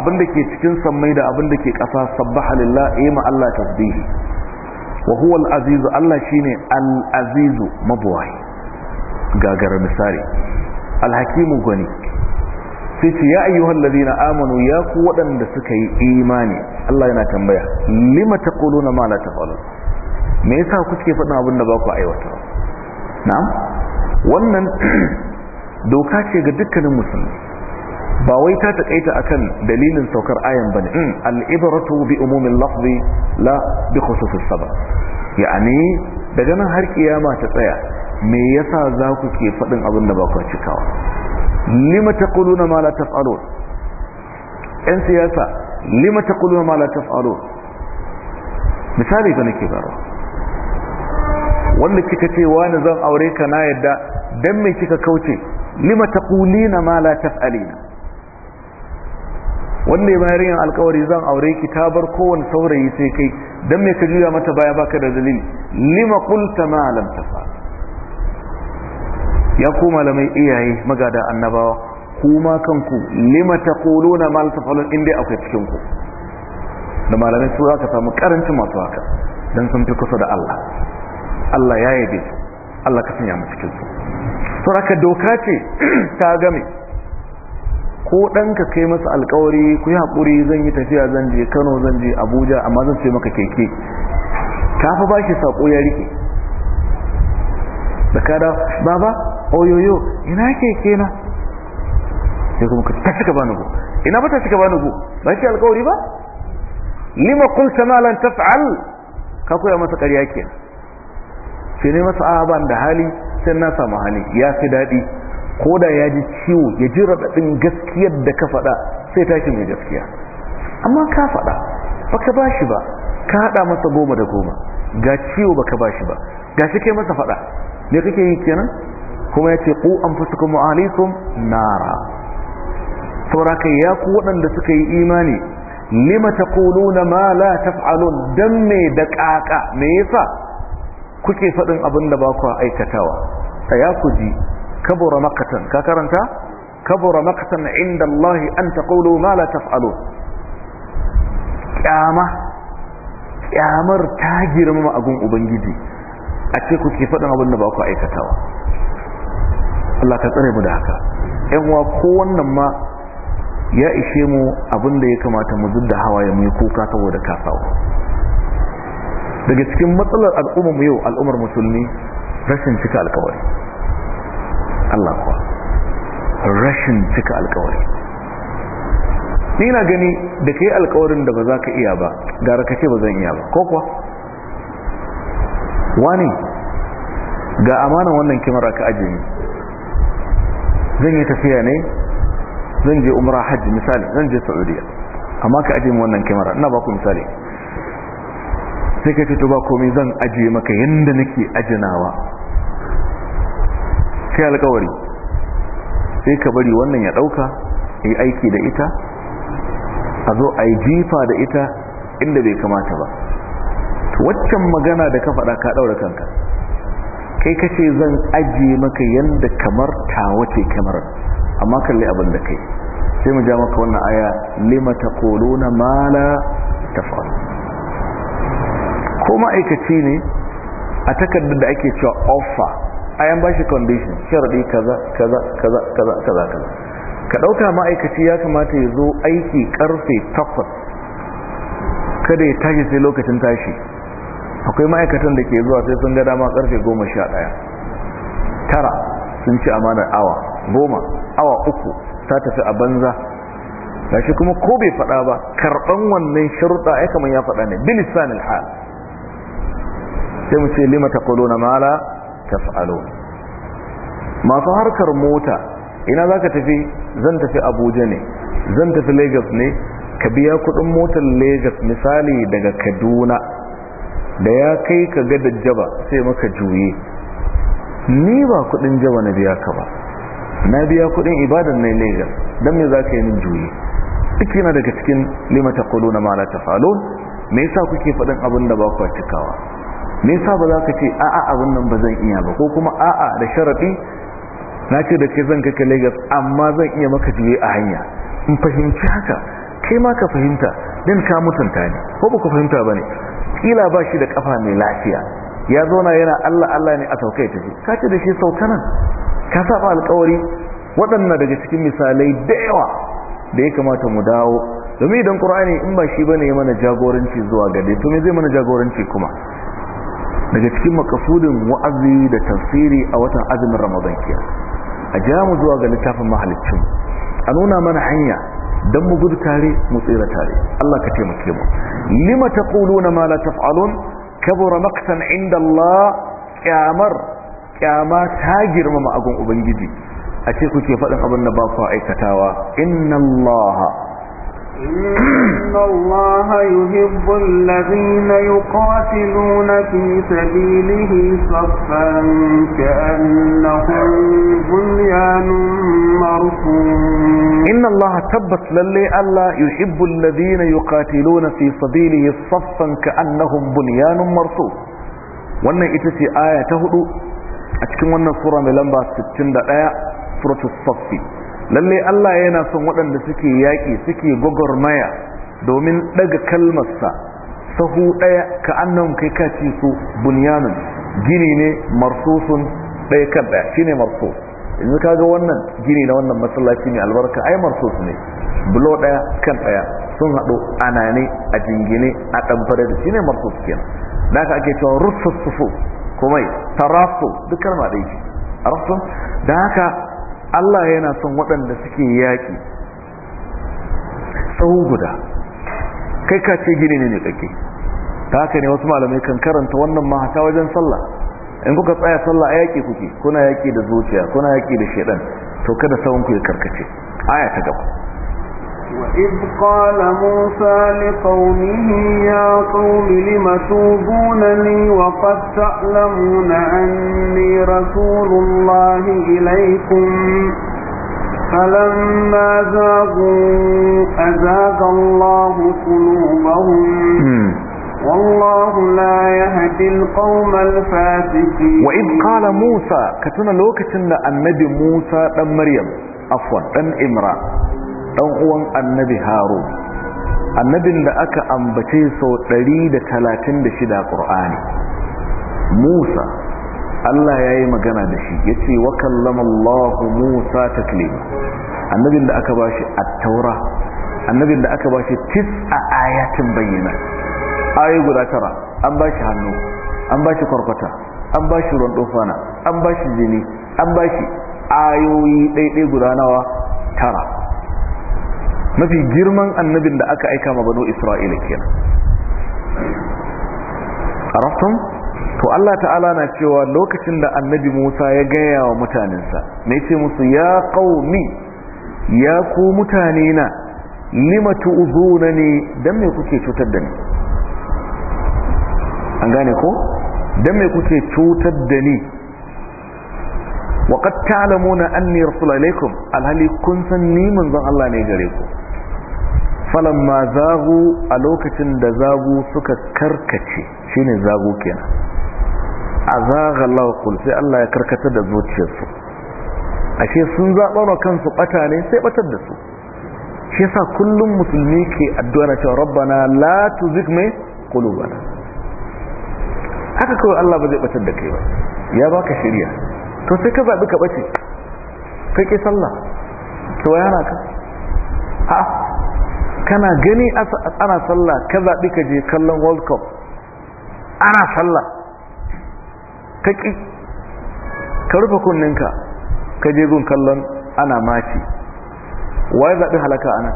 abin da ke cikin sammai da abin da ke ƙasa sabbaha lillahi ma Allah tasbihi wa huwa al-aziz Allah shine al-aziz mabwahi gagara misali al-hakimu gani sai ce ya ayyuhal ladina amanu ya ku waɗanda suka yi imani Allah yana tambaya lima taquluna ma la tafalun me yasa kuke faɗin abinda da ba ku aiwatar na'am wannan doka ce ga dukkanin musulmi ba wai ta takaita akan dalilin saukar ayan bane hmm, al-ibratu bi umumin lafzi la bi khususis sabab ya'ani daga nan har kiyama ta tsaya me yasa za ku ke faɗin abin da ba ku cikawa lima taquluna ma la taf'alun yan siyasa lima taquluna ma la taf'alun misali ga nake barawa wanda kika ce wani zan aure ka na yadda dan me kika kauce lima taqulina ma la taf'alina wanda ya bayar yin alkawari zan aure ki ta bar kowane saurayi sai kai dan me ka juya mata baya baka da dalili lima qulta ma lam taf'al ya ku malamai iyaye magada annabawa kuma kanku lima taquluna ma la taf'alun inda akwai cikin ku da malamai su za ka samu karancin masu haka don sun fi kusa da Allah Allah ya yabe Allah ka sanya mu cikin su saraka doka ce [clears throat] ta game ko ɗanka kai masa alkawari ku yi haƙuri zan yi tafiya zan je kano zan je abuja amma zan ce maka keke ka fa ba shi saƙo ya riƙe, da kada baba oyoyo ina keke na sai kuma ta cika ba nugu ina ba ta cika ba nugu ba shi alkawari ba lima kun ma lan taf'al ka koya masa ƙarya ke sai ne masa a ban da hali can na samu hali ya fi daɗi ko da ya ji ciwo ya ji raɗaɗin gaskiyar da ka faɗa sai tashi mai gaskiya amma ka faɗa ba ka ba shi ba ka haɗa masa goma da goma ga ciwo ba ka ba shi ba ga shi kai masa faɗa me kake yi kenan kuma ya ce ku an na alaikum nara kai ya ku waɗanda suka yi imani lima na ma la taf'alun dan me da ƙaƙa me yasa kuke faɗin abin da ba ku aikatawa tsaya ku ji kabura makatan ka karanta kabura makatan inda Allah an ta taqulu ma la taf'alu kyama kyamar ta girma a gun ubangiji a ce kuke faɗin abin da ba ku aikatawa Allah ka tsare mu da haka yan wa ko wannan ma ya ishe mu abin da ya kamata mu zudda hawaye mu yi kuka saboda kasawa daga cikin matsalar al'ummar yau al'ummar musulmi rashin cika alkawari Allah kuwa rashin cika alkawari ni na gani da kai alkawarin da ba za ka iya ba gara ka ce ba zan iya ba ko kuwa wani ga amana wannan kimar ka ajiye ni zan yi tafiya ne zan je umra hajji misali zan je saudiya amma ka ajiye wannan kimar ina ba ku misali sai ka ce to ba komai zan ajiye maka yanda nake ajinawa sai alkawari sai ka bari wannan ya dauka yi aiki da ita a zo a yi jifa da ita inda bai kamata ba waccan magana da ka faɗa ka ɗaura kanka kai ka ce zan ajiye maka yadda kamar tawace kamar amma kalli abin da kai sai mu ja maka wannan aya lima ta na mala ta ko ma'aikaci ne a takardar da ake cewa offer yan ba shi condition sharaɗi kaza kaza kaza kaza kaza kaza ka dauka ma'aikaci ya kamata ya zo aiki karfe takwas kada ya tashi sai lokacin tashi akwai ma'aikatan da ke zuwa sai sun ga dama ƙarfe goma sha ɗaya tara sun ci amanar awa goma awa uku ta tafi a banza gashi kuma ko bai faɗa ba karɓan wannan sharuɗa ya kamar ya faɗa ne bilisanil hal sai mu ce lima ta na mala ta fa’alo masu harkar mota ina za ka tafi zan tafi Abuja ne zan tafi Lagos ne ka biya kudin motar Lagos misali daga Kaduna da ya kai ka ga jaba sai maka juye ni ba kudin jaba na biya ka ba na biya kudin ibadan na Lagos dan me ka yi min juye duk yana daga cikin lima ta na mala ta fa’alo me yasa kuke faɗin abin da ba kwa cikawa me yasa ba za ka ce a'a abin nan ba zan iya ba ko kuma a'a da sharaɗi na ce da ke zan ka Legas amma zan iya maka jiye a hanya in fahimci haka kai ma ka fahimta dan ka mutunta ni ko ba ka fahimta ba ne kila ba shi da kafa mai lafiya ya zauna yana Allah Allah ne a saukai tafi ka ce da shi saukanan ka saba alkawari waɗannan daga cikin misalai da yawa da ya kamata mu dawo domin idan qur'ani in ba shi bane mana jagoranci zuwa gade to me zai mana jagoranci kuma daga cikin makasudin wa'azi da tafsiri a watan azumin ramadan kiya a jira mu zuwa ga littafin mahalicin a nuna mana hanya don mu gudu tare mu tsira tare Allah ka taimake mu lima taquluna ma la taf'alun kabura maqtan inda Allah kyamar kyama ta girmama agun ubangiji a ce kuke faɗin abin da ba ku aikatawa inna Allah إن الله يحب الذين يقاتلون في سبيله صفا كأنهم بنيان مرسوم إن الله تبت للي ألا يحب الذين يقاتلون في سبيله صفا كأنهم بنيان مرسوم وانا ita آية تهدو ta hudu a cikin wannan sura mai Lallai Allah yana son waɗanda suke yaƙi suke gwagwarmaya domin ɗaga kalmarsa sahu ɗaya ka annan kai kaci su bunyamin gini ne marsusun ɗaya kan ɗaya shine marsus yanzu ga wannan gini na wannan masallaci ne albarka ai marsus ne bulo ɗaya kan ɗaya sun haɗu anane a jingine a ɗanfare da shi ne marsus kenan da aka ake cewa rusus sufu kuma tarasu duk kalma ɗaya ce a da haka Allah yana son waɗanda suke yaƙi tsawon guda kai ka ce gini ne ne ta haka ne wasu malamai kan karanta wannan mahata wajen sallah in kuka tsaya sallah a yaƙi kuke kuna yaƙi da zuciya kuna yaƙi da shaidan to kada tsawon ku ya karkace aya ta gaba وإذ قال موسى لقومه يا قوم لم توبونني وقد تعلمون أني رسول الله إليكم فلما زاغوا أزاغ الله قلوبهم والله لا يهدي القوم الفاسقين وإذ قال موسى كتنا لوكتنا النبي موسى بن مريم عفوا بن إمرأة dan uwan annabi haro annabin da aka ambace sau 136 qur'ani musa Allah ya yi magana da shi ya ce wa kallamallahu musa taklima annabin da aka ba shi attaura annabin da aka bashi shi tis a ayatin bayyana ayoyi guda tara an bashi hannu an bashi shi kwarkwata an bashi shi ruwan dofana an bashi shi jini an bashi ayoyi daidai guda nawa tara mafi girman annabin da aka aika ma banu isra'ila kenan arafton to Allah ta'ala na cewa lokacin da annabi Musa ya gaya wa mutanensa ne ce musu ya qaumi ya ku mutane na limatu ne dan me kuke cutar da ni an gane ko dan me kuke cutar da ni wa qad ta'lamuna anni rasul alaikum alhali kun san ni manzon Allah ne gare ku falamma zagu a lokacin da zagu suka karkace shine zagu kenan a zaga laukul sai Allah ya karkata da zuciyarsu ashe sun zaɓarwa kansu ɓata ne sai ɓatar da su shi sa kullum musulmi ke addu'a na cewa rabbana la tuzigh mai bana. haka kawai Allah ba zai ɓatar da kai ba ya ba ka shirya to sai ka zaɓi ka ɓace kai ke sallah to yana ka a'a kana gani ana sallah ka zaɓi ka je kallon world cup ana sallah ka ƙi ka rufe kunninka ka je gun kallon ana maci waye zaɓi halaka ana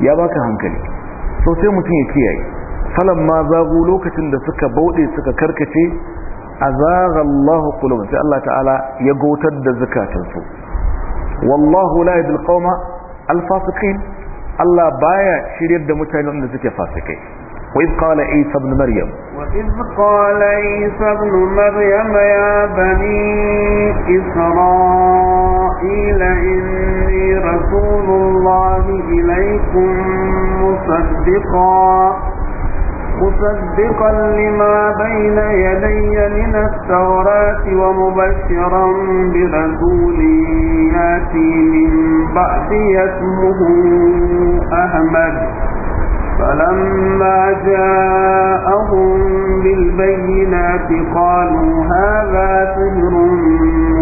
ya baka hankali so sai mutum ya kiyaye falon ma zagu lokacin da suka bauɗe suka karkace a zagallahu kulubun sai Allah ta'ala ya gotar da zukatansu wallahu la yadda alfasikin Allah baya shiryar da mutane wanda suke fasikai وإذ قال عيسى ابن مريم وإذ قال عيسى ابن مريم يا بني إسرائيل إني رسول الله إليكم مصدقا مصدقا لما بين يدي من التوراة ومبشرا برسول ياتي من بعدي اسمه أحمد فلما جاءهم بالبينات قالوا هذا سحر مبين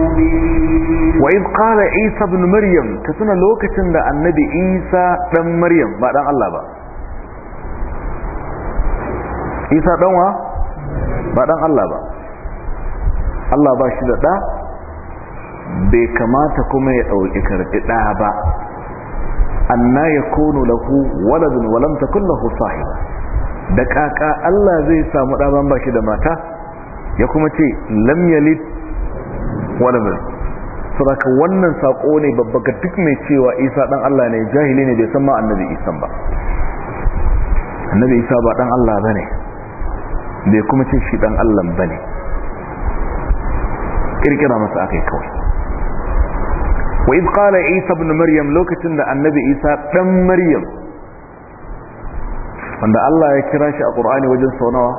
وإذ قال عيسى بن مريم تسنى لوكة عند النبي عيسى بن مريم بعد الله بقى isa ɗanwa ba ɗan Allah ba Allah ba shi da ɗa bai kamata kuma ya ɗauki karɓi ɗa ba anna ya kono lahu waladun walam takun lahu sahiba da kaka Allah zai samu ɗa ban ba shi da mata ya kuma ce lam yalid waladun saboda wannan sako ne babba ga duk mai cewa isa dan Allah ne jahili ne bai san ma annabi isa ba annabi isa ba dan Allah bane bai kuma ce shi dan Allah bane kirkira masa akai kawai wa iz qala isa ibn maryam lokacin da annabi isa dan maryam wanda Allah ya kira shi a qur'ani wajen sau nawa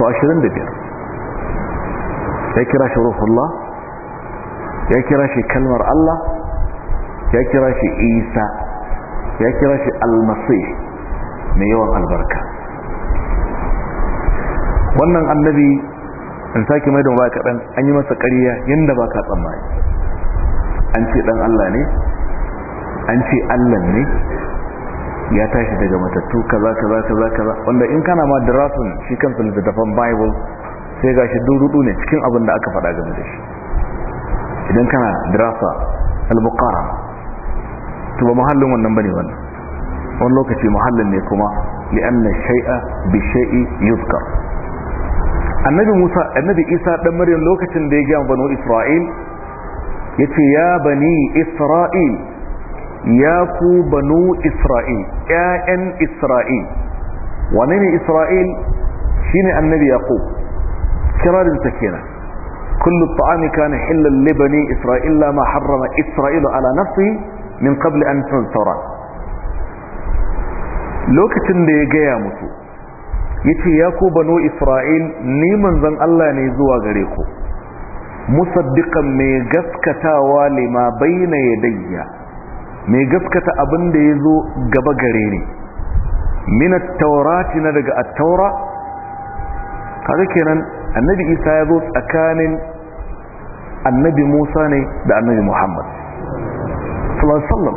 sau 25 ya kira shi ruhullah ya kira shi kalmar Allah ya kira shi isa ya kira shi almasih mai yawan albarka wannan annabi in sake mai da ba kaɗan an yi masa ƙarya yadda ba ka tsammani an ce dan Allah ne an ce Allah ne ya tashi daga matattu kaza kaza kaza kaza wanda in kana ma dirasun shi kansa littattafan bible sai gashi durudu ne cikin abin da aka faɗa game da shi idan kana drafa al-buqara to ba muhallin wannan bane wannan wani lokaci muhallin ne kuma li'anna shay'a bi shay'i yuzkar annabi musa annabi isa ɗan maryam lokacin da ya ga banu isra'il yace ya bani isra'il ya ku banu isra'il ƴaƴan isra'il wane ne isra'il shine annabi yaqub kirarin ta kenan kullu ta'ami kana hillan li bani isra'il la ma harrama isra'ilu ala nafsi min qabl an tunzara lokacin da ya gaya musu yace ya ku banu isra'il ni manzon Allah ne zuwa gare ku musaddiqan mai gaskatawa lima bayna yadayya mai gaskata abin da yazo gaba gare ni min at-taurati na daga at-taura kaga kenan annabi Isa ya tsakanin annabi Musa ne da annabi Muhammad sallallahu alaihi wasallam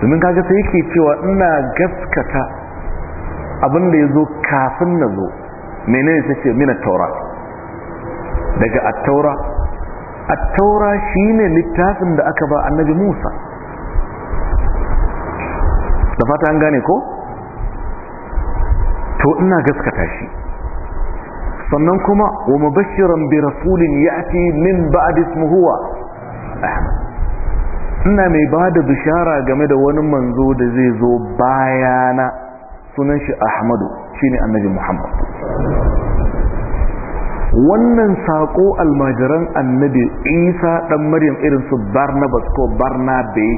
domin kaga sai yake cewa ina gaskata abin da ya zo kafin na zo menene ta ce mina taura daga attaura attaura shi ne littafin da aka ba annabi musa da fata an gane ko? to ina gaskata shi sannan kuma wa mabashiran bi rasulin fi min ba a wa ina mai ba da bishara game da wani manzo da zai zo bayana sunan shi ahmadu shine annabi muhammad wannan saƙo almajiran annabi isa ɗan maryam irin su barnabas ko barnabe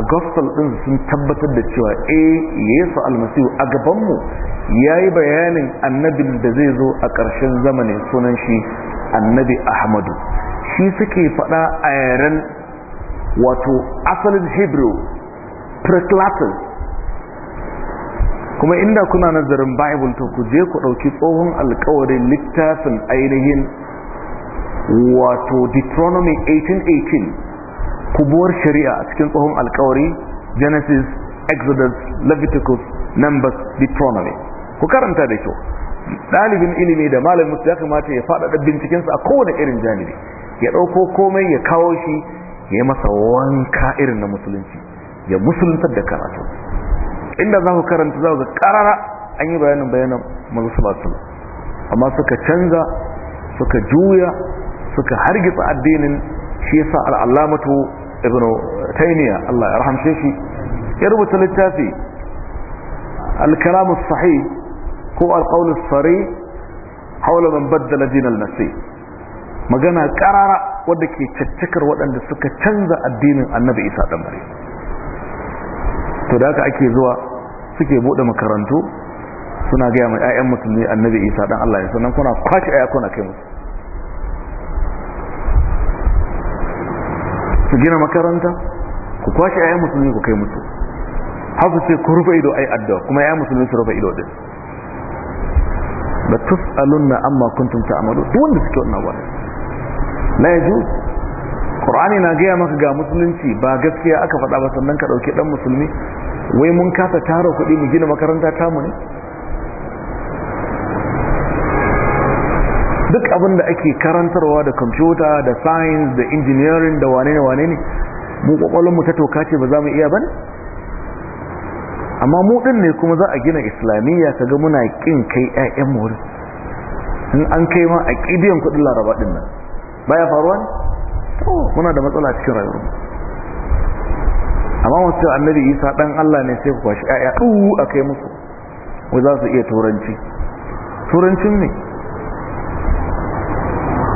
a gospel ɗin sun tabbatar da cewa a eh, yesu almasihu a gabanmu ya yi bayanin annabin da zai zo a ƙarshen zamanin sunan shi annabi ahmadu shi suke faɗa a yaren wato asalin hebrew preclatus kuma inda kuna nazarin bible to ku je ku ɗauki tsohon alkawarin littafin ainihin wato deuteronomy 1818 kubuwar shari'a a cikin tsohon alkawari genesis exodus leviticus numbers deuteronomy ku karanta da kyau dalibin ilimi da malamin musu ya kamata ya faɗaɗa sa a kowane irin janibi ya ɗauko komai ya kawo shi ya masa wanka irin na musulunci ya musulunta da karatu inda za ku karanta za ku ga karara an yi bayanin bayanan manzo amma suka canza suka juya suka hargitsa addinin shi yasa al-allamatu ibnu Allah ya rahamshe shi ya rubuta littafi al-kalam ko al-qawl haula man baddala din magana karara wadda ke caccakar waɗanda suka canza addinin annabi isa dan maryam to da haka ake zuwa suke bude makarantu suna gaya mai 'ya'yan musulmi annabi isa dan allah ne sannan kuna kwace aya kuna kai musu su gina makaranta ku kwashe ayyan musulmi ku kai musu haka sai ku rufe ido ai addu'a kuma ayyan musulmi su rufe ido din la tus'alunna amma kuntum ta'malu duk wanda suke wannan wani la yajuz qur'ani na gaya maka ga musulunci ba gaskiya aka faɗa ba sannan ka ɗauki ɗan musulmi wai mun kasa tara kuɗi mu gina makaranta tamu ne duk abin da ake karantarwa da kwamfuta da science da engineering da wane ne wane ne mu ta toka ce ba za mu iya ba ne amma mu ɗin ne kuma za a gina islamiyya ka ga muna kin kai 'ya'yan mu in an kai ma a ƙibiyan kuɗin laraba ɗin nan baya faruwa ne muna da matsala cikin rayuwar amma wasu annabi isa dan Allah ne sai ku kwashi ƴaƴa ɗuu a kai musu wai za su iya turanci turancin ne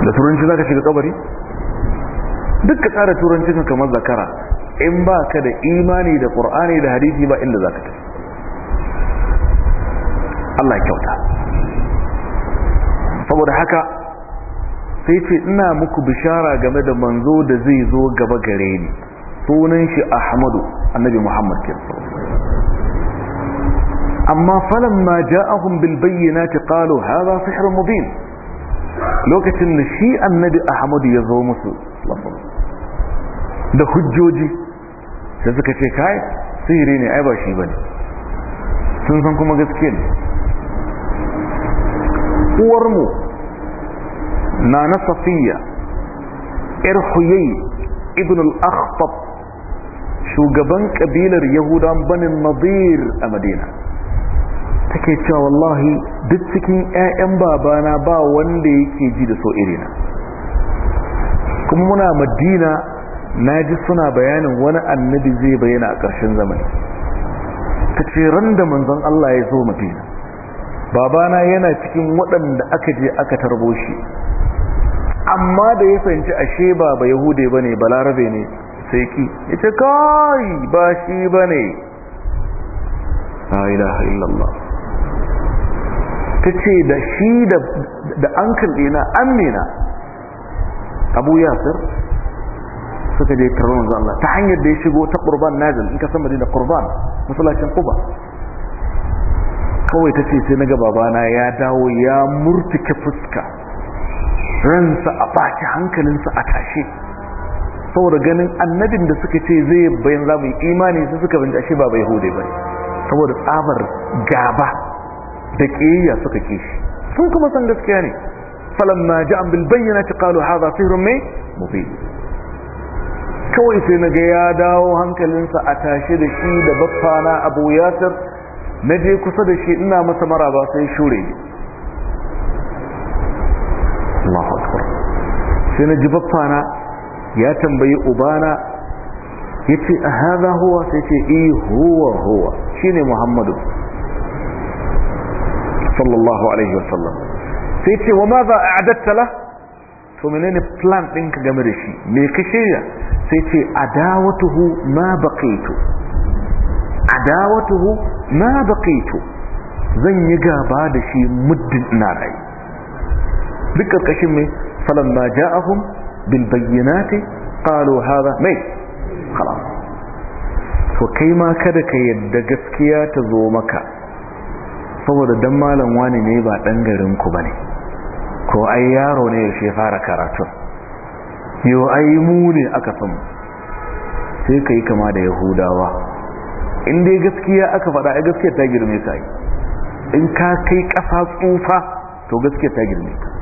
da turanci za ka shiga kabari duk tsara turancin kamar zakara in ba ka da imani da ƙur'ani da hadisi ba inda za ka tafi Allah kyauta saboda haka sai ce ina muku bishara game da manzo da zai zo gaba gare ni sunan shi ahmadu annabi muhammad kirsa amma falamma ja'ahum bil bayyinati qalu su sihrun mubin lokacin da shi annabi ahmadu ya zo musu da hujjoji da suka ce kai sihiri ne ai ba shi bane sun san kuma gaske ne uwarmu Nana na safiya ‘yar huyai ibn al-akhtab shugaban ƙabilar yahudan banin nadir a madina take cewa wallahi duk cikin ‘ya'yan babana ba wanda yake ji da so irina kuma muna madina na ji suna bayanin wani annabi zai bayyana a ƙarshen zamani ta ce ran da manzon Allah ya zo madina babana yana cikin waɗanda aka je aka tarbo shi amma da ya fahimci ashe ba ba yahude ba ne balarabe ne sai ki ya ce kai ba shi ba ne da, ilaha illallah ta ce da shi da ankal dina amina abu yasir suka je taron manzo Allah ta hanyar da ya shigo ta qurban nazil in ka san madina qurban musulacin quba kawai ta ce sai naga babana ya dawo ya murtuke fuska ransa a ɓaci hankalinsa a tashe saboda ganin annabin da suka ce zai bayan za mu yi imani su suka bin ashe ba bai hude ba saboda tsabar gaba da ƙiyayya suka ke shi sun kuma san gaskiya ne ji an bil bayyana ta qalu haza sihrun mai mafi kawai sai na ga ya dawo hankalinsa a tashe da shi da baffana abu yasir na je kusa da shi ina masa maraba sai shure Allahu akbar sai na ji baffana ya tambayi ubana yace a hadha huwa sai ce eh huwa huwa shine Muhammadu sallallahu alaihi wasallam sai ce wa madha a la to menene plan ɗinka game da shi me ka shirya sai ce adawatuhu ma baqaitu adawatuhu ma baqaitu zan yi gaba da shi muddin ina rayu duk karkashin mai falamma ja'ahum bil bayyinati ƙalo haza mai khalas to kai ma kada ka yadda gaskiya ta zo maka saboda dan malam wani ne ba ɗan garin ku ne, ko ai yaro ne yaushe fara karatu yau ai mu ne aka san sai kai kama da yahudawa inda dai gaskiya aka faɗa a gaskiya ta girme ka in ka kai ƙasa tsufa to gaskiya ta girme yi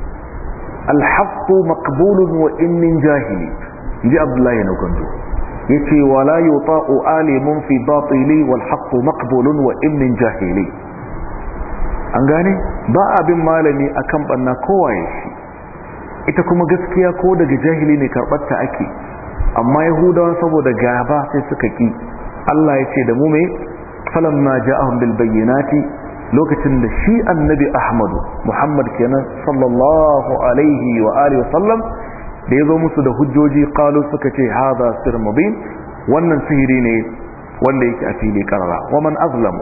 alhaqqu maqbulun wa in jahili ji abdullahi na kwando yace wala yuta'u alimun fi batili wal haqqu maqbulun wa jahili an gane ba abin malami akan banna kowaye shi ita kuma gaskiya ko daga jahili ne karɓarta ake amma yahudawa saboda gaba sai suka ki Allah ya ce da mu me falamma ja'ahum bil bayyinati lokacin da shi annabi ahmadu muhammad kenan sallallahu alaihi wa alihi wa sallam da ya zo musu da hujjoji qalu suka ce hadha sir mubin wannan sihiri ne wanda yake a fili karara wa man azlamu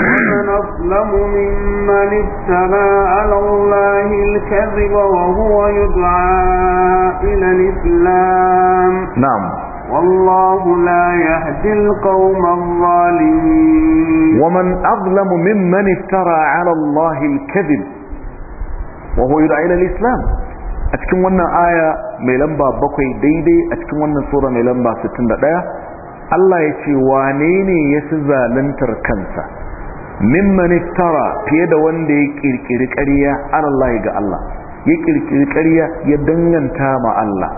ومن أظلم ممن افترى على الله الكذب وهو يدعى إلى الإسلام نعم والله لا يهدي القوم الظالمين ومن أظلم ممن افترى على الله الكذب وهو يدعى إلى الإسلام أتكم وانا آية ميلمبا بقي ديدي أتكم وانا سورة ميلمبا ستين دقايا الله يتي وانيني يسزا لنتر كنسا ممن افترى فيدا واندي كيركيري كريا على الله يقى الله يكيركيري كريا يدنين تاما الله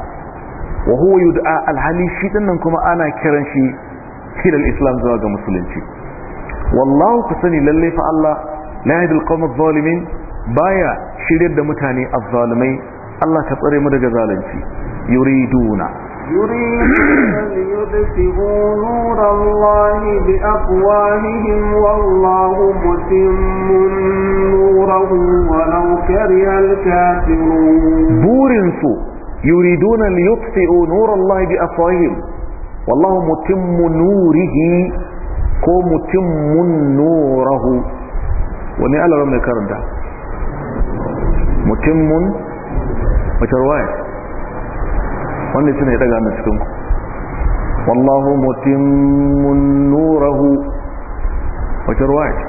wa huwa yud'a alhali shi dinnan kuma ana kiran shi kiran islam zuwa ga musulunci wallahu ku sani lalle fa Allah la yahdi alqawm adh-dhalimin baya shiryar da mutane azzalimai Allah ka tsare mu daga zalunci yuriduna يريدون ليطفئوا نور yuriduna liyutfi'u nurallahi bi afwahihim wallahu mutimmu nurihi ko mutimmun nurahu wani alarar mai karanta mutimmun wace ruwaya wanda su ne daga hannun cikinku wallahu mutimmun nurahu wace ruwaya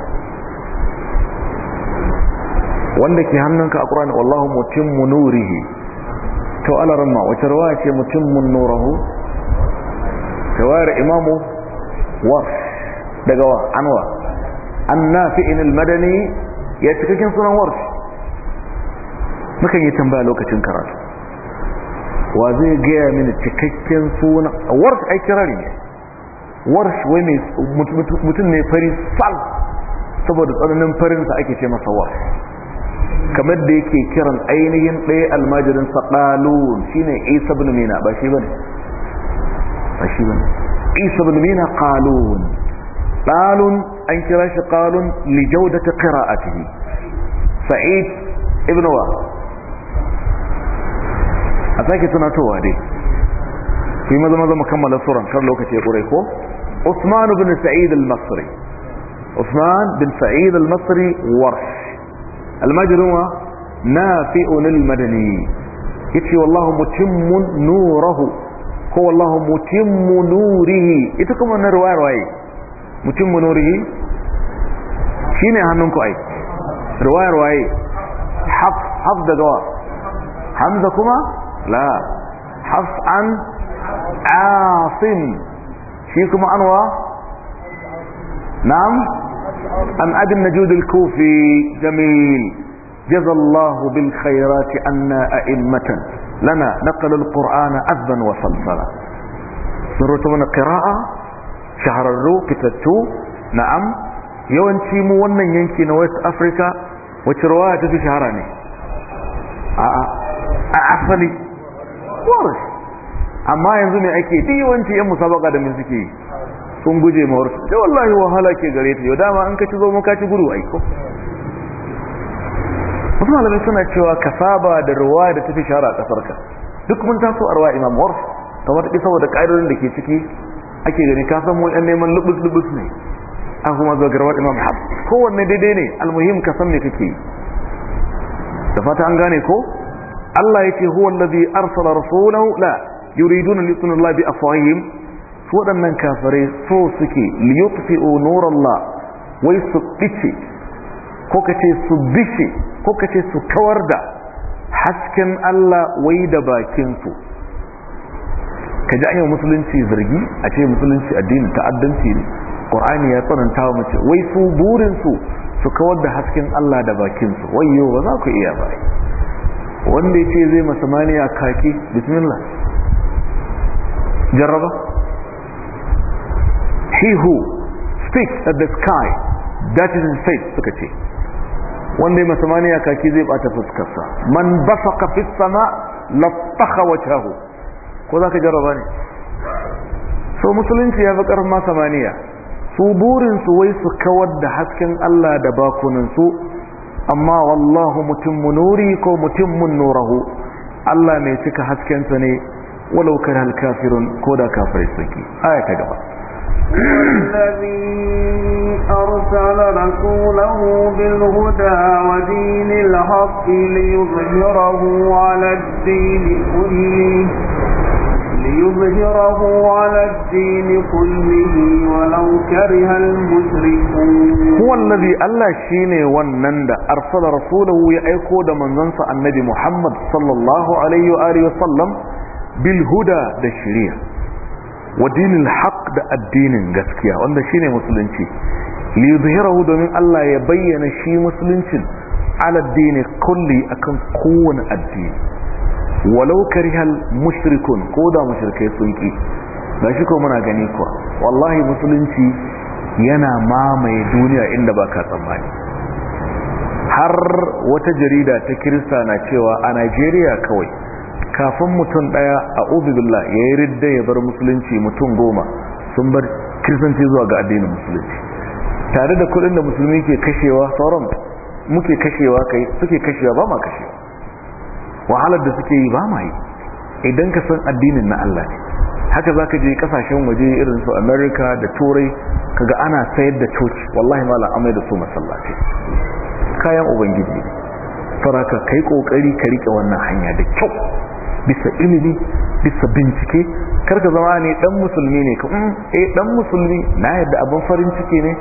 wanda ke hannunka a ƙura wallahu mutimmun nurihi to alarma wata rawaya ce mutumin nurahu tawayar imamu wa daga wa anwa an al madani ya cikakken sunan warf mukan yi tambaya lokacin karatu wa zai gaya mini cikakken suna warf ai kirari ne warf wai mutum ne fari sal saboda tsananin farinsa ake ce masa warf kamar da yake kiran ainihin ɗaya almajirin sa ɗalun shine isa ibn mina ba shi bane ba shi bane isa ibn mina qalun ɗalun an kira shi qalun li jawdati qira'atihi sa'id ibn wa a sake tunatowa dai sai maza maza mu kammala suran kar lokaci ya ƙure ko Usman bin Sa'id al-Masri Usman bin Sa'id al-Masri warsh المجد هو نافئ المدني يتفي والله متم نوره هو الله متم نوره يتكم النروار واي متم نوره كيني هنونكو اي روار واي حف حف دوا حمزة كما لا حف عن عاصم شيكم عنوا نعم أم أدم نجود الكوفي جميل جزى الله بالخيرات أن أئمة لنا نقل القرآن أذبا وفلسلا نرتبنا قراءة شهر الرو كتبتو نعم يوان تيمو ونن ينكي نويت أفريكا وترواية في شهراني أعفني ورش أما ينزمي عكي دي وانتي أمو سبقة دمزكي kun guje ma warsu wallahi wahala ke gare ta yau dama an ka ci zomo ka ci guru aiko wasu malamai suna cewa ka saba da ruwa da tafi shara a kasar ka duk mun taso a ruwa imam warsu kamar ta saboda ƙa'idodin da ke ciki ake gani ka san mu neman lubus lubus ne an kuma zo garwar imam hab kowanne daidai ne almuhim ka san me kake yi da fata an gane ko Allah yake huwa allazi arsala rasulahu la yuriduna li yutuna Allah bi afwahihim su waɗannan kafirai so suke liyutfi'u nurallah wai su ɗice ko kace su bice ko kace su kawar da hasken Allah wai da bakin su kaji an yi musulunci zargi a ce musulunci addini ta'addanci ne qur'ani ya tsananta wa mace wai su burinsu su kawar da hasken Allah da bakinsu su yau ba za ku iya bai wanda ya ce zai masamaniya kake kaki bismillah jarraba he who speaks at the sky that is his faith suka ce wanda ya kaki zai bata fuskarsa man basaka fi sama lattaka wajhahu ko ka jarraba ne so musulunci ya fi karfin masamaniya su burin su wai su kawar da hasken Allah da bakunan su amma wallahu mutimmu nuri ko mutum nurahu Allah mai cika haskensa ne walau kana al-kafirun ko da kafirai suke aya ta gaba الذي أرسل رسوله بالهدى ودين الحق ليظهره على الدين كله ليظهره على الدين كله ولو كره المشركون هو الذي ألا شيني ونند أرسل رسوله يأيكو دمنزنس النبي محمد صلى الله عليه وآله وسلم بالهدى دشريه wa haq da addinin gaskiya wanda shine musulunci li zahirahu domin Allah ya bayyana shi musuluncin ala dini kulli akan kowane addini walau karihal mushrikun ko da mushrikai sun ki ba shi ko muna gani kuwa wallahi musulunci yana mamaye duniya inda baka tsammani har wata jarida ta kirista na cewa a Najeriya kawai kafin mutum daya a ubillah ya yi ridda ya bar musulunci mutum goma sun bar kirsanci zuwa ga addinin musulunci tare da kudin da musulmi ke kashewa sauran muke kashewa kai suke kashewa ba ma kashe, wahalar da suke yi ba ma yi idan ka san addinin na Allah ne haka za ka je kasashen waje irin su america da turai ka ga ana sayar da coci wallahi mala amai da su masallaci kayan ubangiji saraka kai kokari ka rike wannan hanya da kyau bisa ilimi bisa bincike karka zama ne dan musulmi ne ka mm, eh dan musulmi na yadda abin farin ciki ne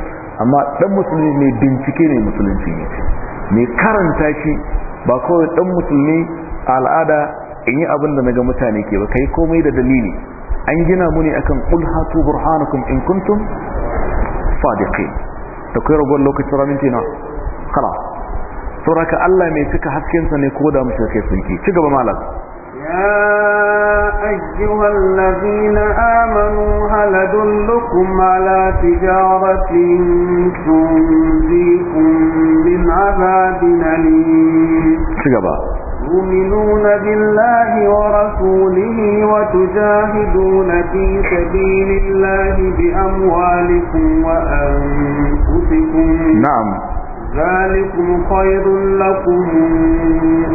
amma dan musulmi mai bincike ne musulunci ne mai karanta shi ba kawai dan musulmi al'ada in yi abin da naga mutane ke ba kai komai da dalili an gina mu ne akan qul hatu burhanakum in kuntum sadiqin da kai ragon lokacin ce na kala sauraka Allah mai cika sa ne ko da mushrikai sun ci gaba malam يا أيها الذين آمنوا هل أدلكم على تجارة تنزيكم من عذاب أليم تؤمنون بالله ورسوله وتجاهدون في سبيل الله بأموالكم وأنفسكم نعم ذلكم خير لكم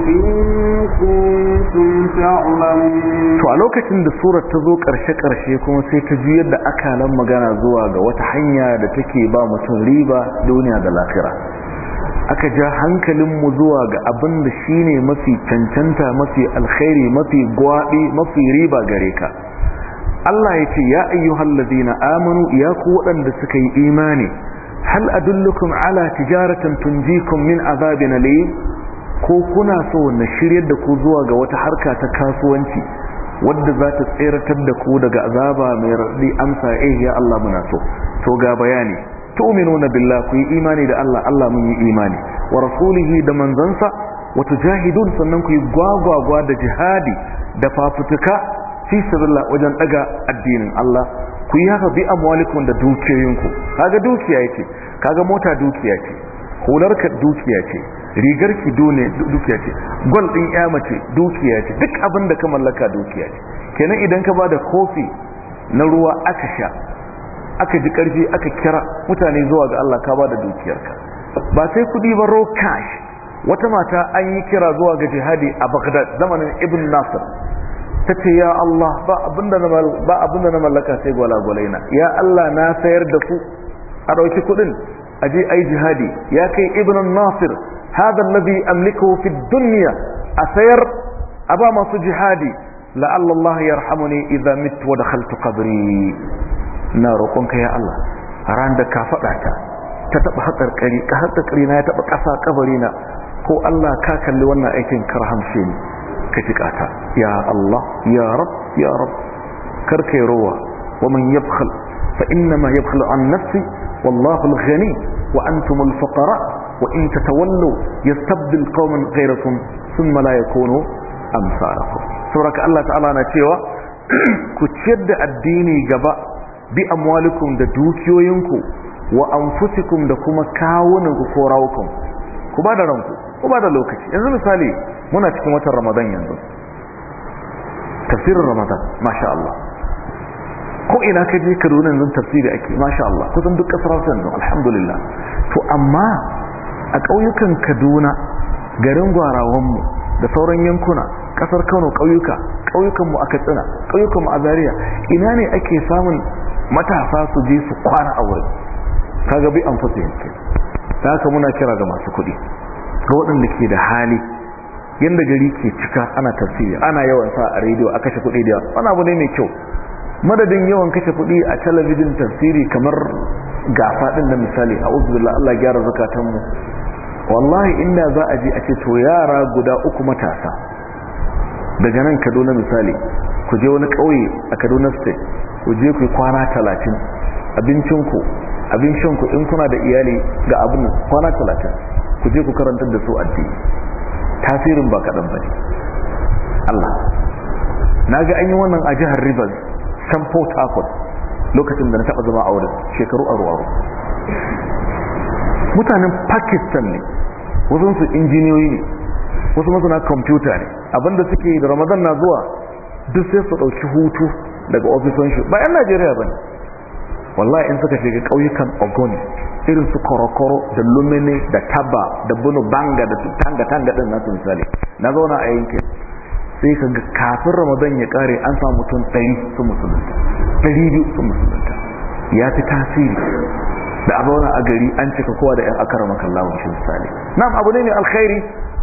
إن كنتم تعلمون to a lokacin da surar ta zo karshe karshe kuma sai ta ji yadda aka nan magana zuwa ga wata hanya da take ba mutum riba duniya da lafira aka ja hankalin mu zuwa ga abin da shine mafi cancanta mafi alkhairi mafi gwaɗi mafi riba gare ka Allah ya ce ya ayyuhallazina amanu ya ku waɗanda suka yi imani hal adullukum ala tijaratan tunjikum min azabin alim ko kuna so na shiryar da ku zuwa ga wata harka ta kasuwanci wadda za ta tseratar da ku daga azaba mai raɗi amsa eh ya Allah muna so to ga bayani tu'minuna billahi ku yi imani da Allah Allah mun yi imani wa rasulihi da manzansa wa tujahidun sannan ku yi gwagwagwa da jihadi da fafutuka fi sabilillah wajen daga addinin Allah ku yi haka bi amwalikum da dukiyoyinku kaga dukiya yake kaga mota dukiya ce hularka dukiya ce rigar ki done dukiya ce gol din ya mace dukiya ce duk abin da ka mallaka dukiya ce kenan idan ka bada kofi na ruwa aka sha aka ji karfi aka kira mutane zuwa ga Allah ka bada dukiyarka ba sai kudi ba ro cash wata mata an yi kira zuwa ga jihadi a Baghdad zamanin Ibn Nasir tace ya Allah ba abinda na ba abinda na mallaka sai gwalagwalai na ya Allah na sayar da ku a dauki kudin aje ai jihadi ya kai ibn nasir hada alladhi amliku fi dunya a sayar a ba masu jihadi la'alla Allah yarhamuni idza mit wa dakhaltu qabri na roƙon ka ya Allah ran da ka fada ta ta taɓa haƙarƙari ka haƙarƙari na ya taba kasa ƙabari na ko Allah ka kalli wannan aikin karhamshe ni ka jikata ya Allah ya rab ya rab karkai rowa wa man yabkhal fa innama yabkhal an nafsi wallahu al-ghani wa antum al-fuqara wa in tatawallu yastabdil qauman ghayrakum thumma la yakunu amsalakum sauraka Allah ta'ala na cewa [clears throat] ku ciyar da addini gaba bi amwalikum da dukiyoyinku wa anfusikum da kuma kawunanku ko rawukan ku ba da ranku ko ba da lokaci yanzu misali muna cikin watan ramadan yanzu tafsirin ramadan masha Allah ko ina ka je kaduna yanzu tafsiri ake masha Allah kusan duk kasar hausa yanzu alhamdulillah to amma a ƙauyukan kaduna garin gwarawanmu da sauran yankuna ƙasar kano ƙauyuka ƙauyukanmu a katsina ƙauyukanmu a zaria ina ne ake samun matasa su je su kwana a wurin kaga bi an fasa yanke ta haka muna kira ga masu kuɗi ga waɗanda ke da hali yadda gari ke cika ana tafsiri ana yawan sa a rediyo a kashe kuɗi da yawa wani abu ne mai kyau madadin yawan kashe kuɗi a talabijin tafsiri kamar ga ɗin da misali a uzurla Allah gyara zukatanmu wallahi inda za a je a ce to yara guda uku matasa daga nan kaduna misali ku je wani ƙauye a kaduna state ku je ku yi kwana talatin abincinku abincinku in kuna da iyali ga abin kwana talatin ku je ku karantar da su addini tasirin ba kaɗan ba ne Allah na ga an yi wannan a jihar Rivers san Port Harcourt lokacin da na taɓa zama a wurin shekaru aro aro mutanen Pakistan ne wasu su injiniyoyi ne wasu masana kwamfuta ne abinda suke da Ramadan na zuwa duk sai su ɗauki hutu daga ofisoshi ba 'yan Najeriya ba ne wallahi in suka shiga ƙauyukan ogun irin su korokoro da lumini da taba da bunu banga da tanga tanga din nasu misali na zauna a yankin sai ka ga kafin ramadan ya kare an samu mutum ɗari su musulunta ɗari biyu su musulunta ya fi tasiri da a zauna a gari an cika kowa da 'yan akara makallawa shi misali nam abu ne mai alkhairi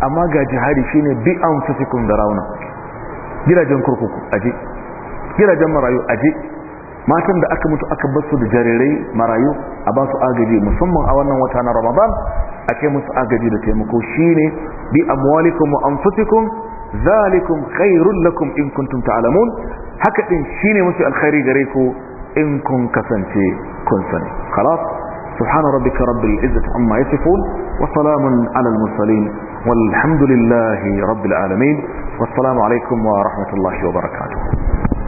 amma ga jihari shine bi an fasikun da rauna gidajen kurkuku aje gidajen marayu aje matan da aka mutu aka basu da jarirai marayu a ba su agaji musamman a wannan wata na ramadan a kai musu agaji da taimako shine bi amwalikum wa anfusikum zalikum khairul lakum in kuntum ta'lamun haka din shine musu alkhairi gare ku in kun kasance kun sani خلاص سبحان ربك amma العزة عما يصفون وسلام على المرسلين والحمد لله رب العالمين alaikum wa ورحمة wa وبركاته